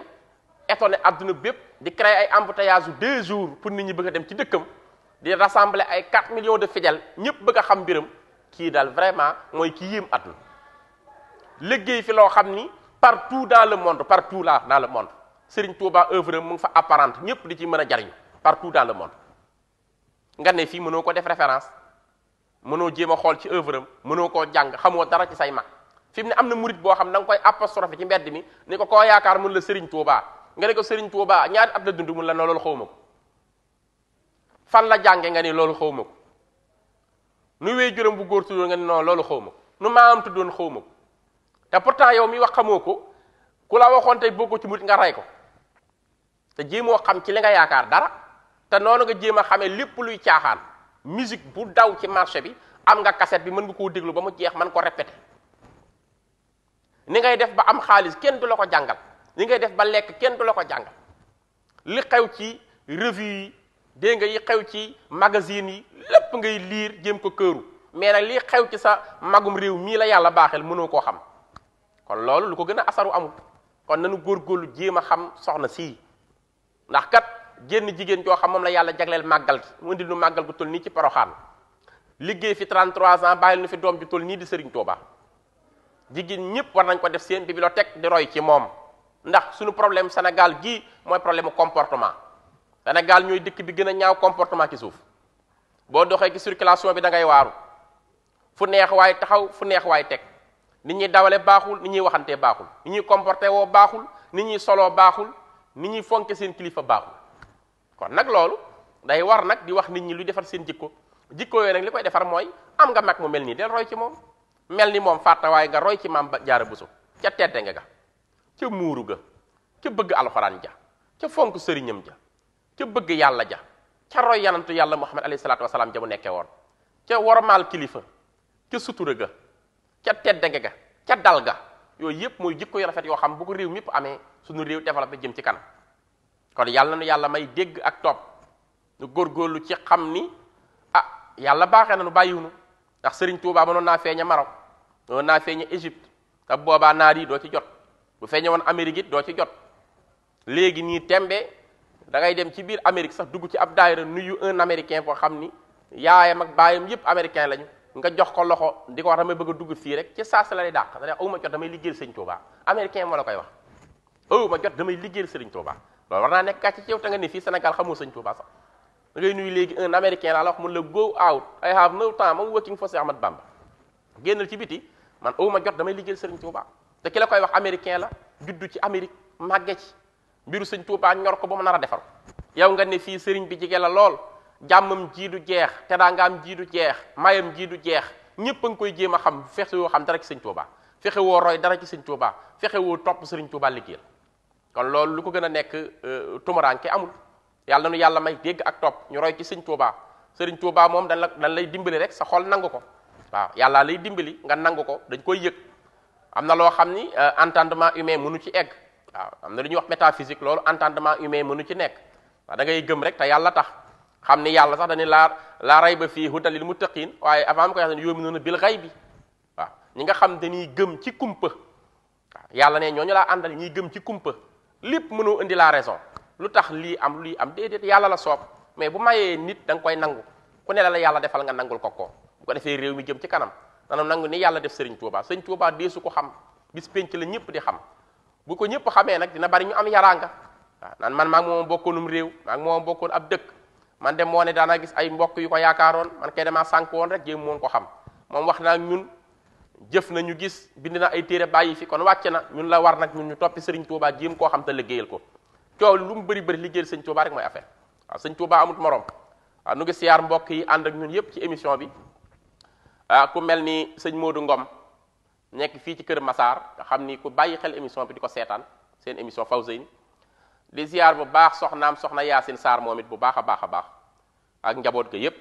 étonné àdduna bépp di créer ay embouteillage yu deux jours pour nit ñi bëgg a dem ci dëkkam di rassembler ay 4 millions de fidèles ñépp bëgg a xam mbiram kii daal vraiment mooy ki yéem àdduna liggéey fi loo xam ni partout dans le monde partout là dans le monde Serigne Touba œuvre mu ngi fa apparente ñëpp di ci mën a jariñ partout dans le monde nga ne fii mënoo ko def référence mënoo jéem a xool ci œuvre mënoo koo jàng xamoo dara ci say mag fi mu ne am na murit boo xam da nga koy apostrophe ci mbedd mi ni ko koo yaakaar mun la Serigne Touba nga ne ko Serigne Touba ñaari at la dund mun la noo loolu xawma ko fan la jànge nga ni loolu xawma ko nu wéy juróom bu góor tuddoon nga ni non loolu xawma ko nu maam tuddoon xawma ko te pourtant yow mi wax xamoo ko ku la waxoon tey bokku ci murit nga rey ko te jéemoo xam ci li nga yaakaar dara te noonu nga jéem a xamee lépp luy caaxaan musique bu daw ci marché bi am nga kaset bi mën nga koo déglu ba mu jeex man ko répété ni ngay def ba am xaalis kenn du la ko jàngal ni ngay def ba lekk kenn du la ko jàngal li xew ci revue yi dégg nga yi xew ci magazine yi lépp ngay liir jéem ko këru mais nag li xew ci sa magum réew mii la yàlla baaxel mënoo koo xam kon loolu lu ko gën a asaru amul kon nanu góorgóorlu jéem a xam soxna sii ndax kat génn jigéen joo xam moom la yàlla jagleel màggal gi mu nu màggal gu toll nii ci paroxaan liggéey fi 33 ans bàyyil nu fi doom ju toll nii di Serigne tooba jigéen ñëpp war nañ ko def seen bibliothèque di roy ci moom ndax suñu problème Sénégal gii mooy problème comportement Sénégal ñooy dëkk bi gën a ñaaw comportement ci suuf boo doxee ci circulation bi da ngay waaru fu neex waay taxaw fu neex waay teg nit ñuy dawale baaxul nit ñuy waxante baaxul nit ñuy comporté woo baaxul nit ñuy soloo baaxul nit ñuy fonke seen kilifa baaxul kon nag loolu day war nag di wax nit ñi lu defar seen jikko jikko yooyu nag li koy defar mooy am nga mag mu mel nii del roy ci moom mel ni moom fàtta waaye nga roy ci maam ba jaara busu ca tedde ga ca muuru ga ca bëgg alxuraan ja ca fonk sëriñam ja ca bëgg yàlla ja ca roy yanantu yàlla muhammad alayhi salaatu wasalaam ja mu nekkee woon ca wormaal kilifa ca sutura ga ca teddange ga ca dal ga yooyu yépp mooy jikko yu rafet yoo xam boo ko réew mépp amee suñu réew développé jëm ci kanam kon yàlla na nu yàlla may dégg ak topp nu góorgóorlu ci xam ni ah yàlla baaxee na nu bàyyiwunu ndax sëriñ Touba mënoon naa feeña Maroc mënoon naa feeña Égypte te boobaa naar yi doo ci jot bu feeñe woon Amérique it doo ci jot léegi nii tembe dangay dem ci biir Amérique sax dugg ci ab daayira nuyu un américain boo xam ni yaayam ak baayam yépp américain lañu nga jox ko loxo di ko wax damay bëgg a dugg fii rek ci saas la lay dàq da awuma jot damay liggéeyal sëriñ Tuuba américain moo la koy wax awuma jot damay liggéeyal sëriñ Tuuba loolu war naa nekk kàcc ci yow te nga ne fii Sénégal xamoo sëriñ Tuuba sax da ngay nuyu léegi un américain laa la wax mun la go out I have no time I'm working for Cheikh Ahmad Bamba génnal ci biti man awuma jot damay liggéeyal sëriñ Tuuba te ki la koy wax américain la juddu ci Amérique màgge ci mbiru sëriñ Tuuba ñor ko ba mu nar a defar yow nga ne fii sëriñ bi jige la lool jàmmam jii du jeex teraangaam jii du jeex mayam jii du jeex ñépp a ngi koy jéem a xam fexe woo xam dara ci sëñ Tuuba fexewoo woo roy dara ci sëñ Tuuba fexe topp sëriñ Tuuba liggéeyal kon loolu lu ko gën a nekk euh, ki amul yàlla nu yàlla may dégg ak topp ñu roy ci sëñ Tuuba sëriñ Tuuba moom dañ la dañ lay dimbali rek sa xol nangu ko waaw yàlla lay dimbali nga nangu ko dañ koy yëg am na loo xam ni euh, entendement humain mënu ci egg waaw am na lu ñuy wax métaphysique loolu entendement humain mënu ci nekk da ngay gëm rek te tax xam ne yàlla sax dañu laa laa ba fii hudan lil muttaqin waaye avant mu koy wax ne yuminuuna bil ghaybi waaw ñi nga xam dañuy gëm ci kumpa waaw yàlla ne ñu laa àndal ñuy gëm ci kumpa lépp mënoo indi la raison lu tax lii am lii am déedéet yàlla la soob mais bu mayee nit da koy nangu ku ne la la yàlla defal nga nangul ko ko bu ko defee réew mi jëm ci kanam maanaam nangu ni yàlla def sëriñ Tuuba sëriñ Tuuba deesu ko xam bis penc la ñëpp di xam bu ko ñëpp xamee nag dina bari ñu am yaraanga waaw man maa ngi moom bokkoonum réew maa ngi moom ab dëkk man de moo ne daana gis ay mbokk yu ko yaakaaroon man kay damaa sànk woon rek jéem moon ko xam moom wax naa ñun jëf na ñu gis bind na ay téere bàyyi fi kon wàcce na ñun la war nag ñun ñu toppi sëriñ Touba jéem koo xam te liggéeyal ko coow lu mu bëri bëri liggéeyal sëñ Touba rek mooy affaire waaw sëñ Touba amut morom waaw nu ngi siyaar mbokk yi ànd ak ñun yépp ci émission bi ku mel ni sëñ Modou Ngom nekk fii ci kër Massar nga xam ni ku bàyyi xel émission bi di ko seetaan seen émission Fawzeyni di bu baax soxnaam soxna Yaasin Sarr moom it bu baax a baax a baax ak njaboot ko yépp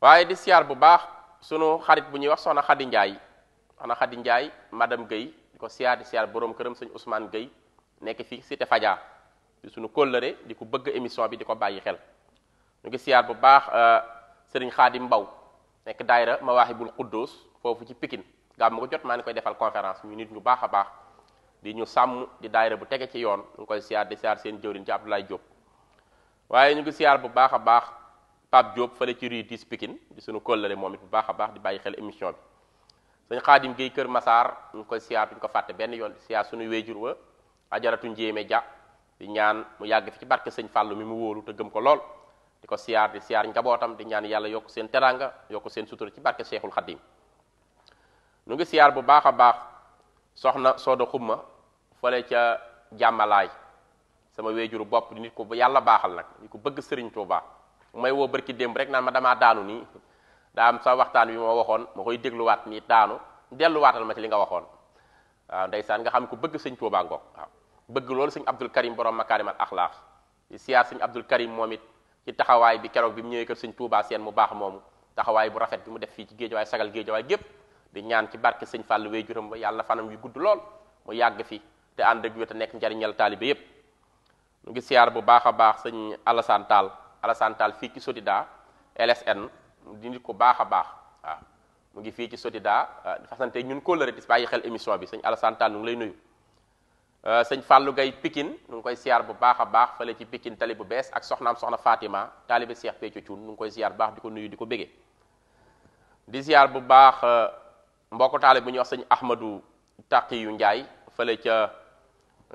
waaye di siyaar bu baax sunu xarit bu ñuy wax soxna Xadi Njaay soxna Xadi Njaay madame Guèye di ko siyaar di siyaar borom këram sëñ Ousmane Guèye nekk fii Cité Fadia di sunu kóllëre di ko bëgg émission bi di ko bàyyi xel ñu ngi siyaar bu baax euh, sëriñ Xaadim Mbaw nekk daayira Mawaahibul Quddus foofu ci Pikine gaa ma ko jot maa ngi koy defal conférence ñu nit ñu baax a baax di ñu sàmm di daayira bu tege ci yoon ñu ngi koy siyaar di siyaar seen jëwriñ ci Abdoulaye Diop waaye ñu ngi siyaar bu baax a baax Pape Diop fële ci rue dix Pikine di suñu kóllëre moom it bu baax a baax di bàyyi xel émission bi sëñ Xaadim Guèye Kër masaar ñu ngi koy siyaar duñu ko fàtte benn yoon di siyaar suñu wéejur wa ajaratu njéeme ja di ñaan mu yàgg fi ci barke sëñ Fàllu mi mu wóolu te gëm ko lool di ko siyaar di siyaar njabootam di ñaan yàlla yokk seen teranga yokk seen sutura ci barke Seexul Xadim ñu ngi siyaar bu baax a baax soxna Sooda Xumma fële ca jàmmalaay sama weejuru bopp di nit ko yàlla baaxal nag ñu ko bëgg sëriñ Tuuba may woo barki démb rek naan ma damaa daanu nii daa am sa waxtaan bi ma waxoon ma koy dégluwaat nii daanu delluwaatal ma ci li nga waxoon waaw ndeysaan nga xam ko bëgg sëñ Tuuba ngoog waaw bëgg loolu sëñ Abdul Karim borom makaarimal axlaaq di siyaar sëñ Abdul Karim moom it ci taxawaay bi keroog bi mu ñëwee kër sëñ Tuuba seen mu baax moomu taxawaay bu rafet bi mu def fii ci géejawaay sagal géejawaay gépp di ñaan ci barke sëñ Fàll wéejuram ba yàlla fanam yu gudd lool mu yàgg fi te ànd ak wér nekk njariñal taalibe yépp mu ngi siyaar bu baax a baax sañ Alassane Tall Alassane Tall fii ci Sotida LSN di nit ko baax a baax waaw mu ngi fii ci Sotida ah, fasante ñun koo kóllëre di bàyyi xel émission bi sañ Alassane Tall ñu ngi lay nuyu ah, sëñ Fallou Gaye Pikine ñu ngi koy siyaar bu baax a baax fële ci Pikine tali bu bees ak soxnaam soxna Fatima taalibe Seex Pécco Cuun ñu ngi koy siyaar bu baax di ko nuyu di ko bége di siyaar bu baax ah, mbokk taalibe bu ñuy wax sëñ Ahmadou Taqiyu yu fële ca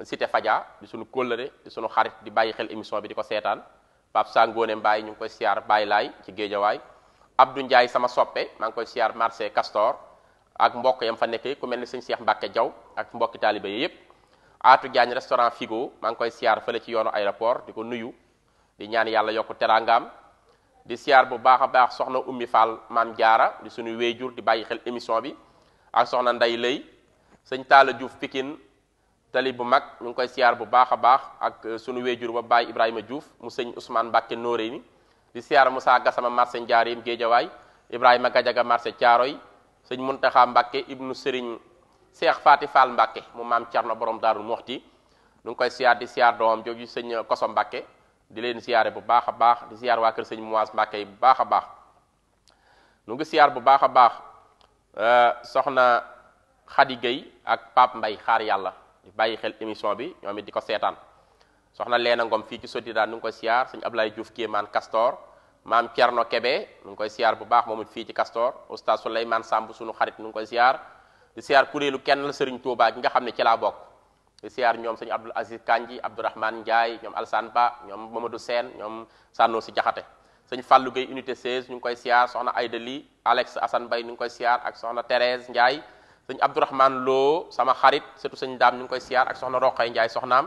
cité Fadia di suñu kóllëre di suñu xarit di bàyyi xel émission bi di ko seetaan Pape Sangoone Mbaye ñu ngi koy siyaar Baye Laay ci Géejawaay Abdou Ndiaye sama soppe maa ngi koy siyaar marché Castor ak mbokk yam fa nekkee ku mel ni sëñ Cheikh Mbacke Diaw ak mbokki taalibe yi yépp Aatu Diagne restaurant Figo maa ngi koy siyaar fële ci yoonu aéroport di ko nuyu di ñaan yàlla yokk teraangaam di siyaar bu baax a baax soxna Ummi Fall maam Jaara di suñu wéyjur di bàyyi xel émission bi ak soxna Nday Lay tali bu mag ñu ngi koy siyaar bu baax a baax ak euh, sunu wéjur ba Baye Ibrahima Diouf mu sëñ Ousmane Mbacke Nooré ni di siyaar Moussa Gassama marché Ndiarème Géejawaay Ibrahima Gadiaga caaro Thiaroy sëñ Muntaxa Mbacke ibnu Serigne Cheikh Fati Fall Mbacke mu maam Thierno borom Daaru Moxti ñu ngi koy siyaar di siyaar doomam jooju sëñ Koso Mbacke di leen siyaare bu baax a baax di siyaar waa kër sëñ Mouas Mbacke yi bu baax a baax nu ngi siyaar bu baax a baax euh, soxna Khady ak Pape Mbaye xaar yàlla ñu bàyyi xel émission bi ñoom it di ko seetaan soxna Leena Ngom fii ci Sodida nu ngi koy siyaar sëñ Ablaye Diouf Kéemaan Castor maam Thierno Kebe nu ngi koy siyaar bu baax moom it fii ci Castor oustaz Souleymane Samb sunu xarit nu ngi koy siyaar di siyaar kuréelu kenn la Serigne Touba gi nga xam ne ci laa bokk di siyaar ñoom sëñ Abdoul Aziz Kanji Abdourahmane Ndiaye ñoom Alsane Ba ñoom Mamadou seen ñoom Sànnoo si Jaxate sëñ Fallou Gueye unité 16 ñu ngi koy siyaar soxna Aïda Ly Alex Assane Mbaye ñu ngi koy siyaar ak soxna Ndiaye sëñ Abdourahman Lo sama xarit surtout sëñ daam ñu ngi koy siyaar ak soxna Roqay Njaay soxnaam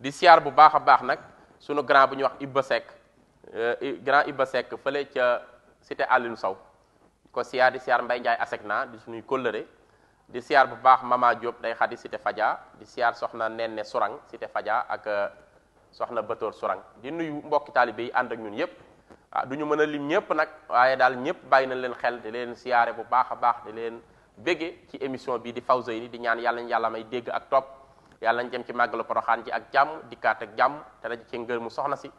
di siyaar bu baax a baax nag sunu grand bu ñuy wax Ibba Seck euh, grand Ibba Seck fële ca cité Alioune Sow ko siyaar di siyaar Mbay Njaay asek naa di suñuy kóllëre di siyaar bu baax Mama Diop day xadi cité Fadia di siyaar soxna Nenne Sourang cité Fadia ak euh, soxna Batoor Sourang di nuyu mbokki taalibe yi ànd ak ñun yépp ah du ñu mën a lim ñëpp nag waaye daal ñëpp bàyyi nañ leen xel di leen siyaare bu baax a baax di béggee ci émission bii di Fawzeyni di ñaan yàlla ñu may dégg ak topp yàlla ñu jëm ci màggalu Poroxaan ci ak jàmm dikkaat ak jàmm te daje ci ngër mu soxna si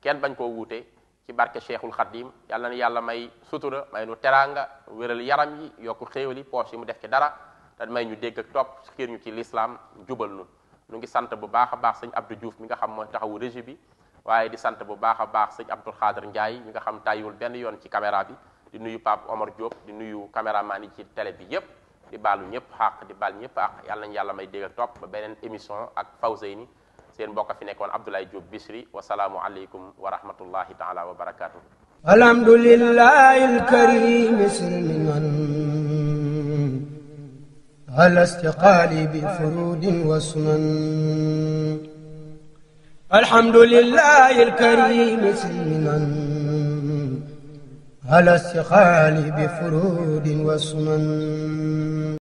kenn bañ koo wuute ci barke Cheikhul Khadim yàlla na yàlla may sutura may nu teraanga wéral yaram yi yokk xéewal yi poche yi mu def ci dara te may ñu dégg ak topp xiir ñu ci lislaam jubal nu nu ngi sant bu baax a baax sëñ Abdou Diouf mi nga xam mooy taxawu régie bi waaye di sant bu baax a baax sëñ Abdou Khader Ndiaye mi nga xam tàyyiwul benn yoon ci caméra bi di nuyu Pape Omar Diop di nuyu caméraman yi ci télé bi yépp di baalu ñëpp àq di baal ñëpp àq yàlla nañu yàlla may dégg ak topp ba beneen émission ak Fawzeyni seen mbokk fi nekkoon Abdoulaye Diop Bichri wa salaamu aleykum wa rahmatullahi على السقال بفرود وسمن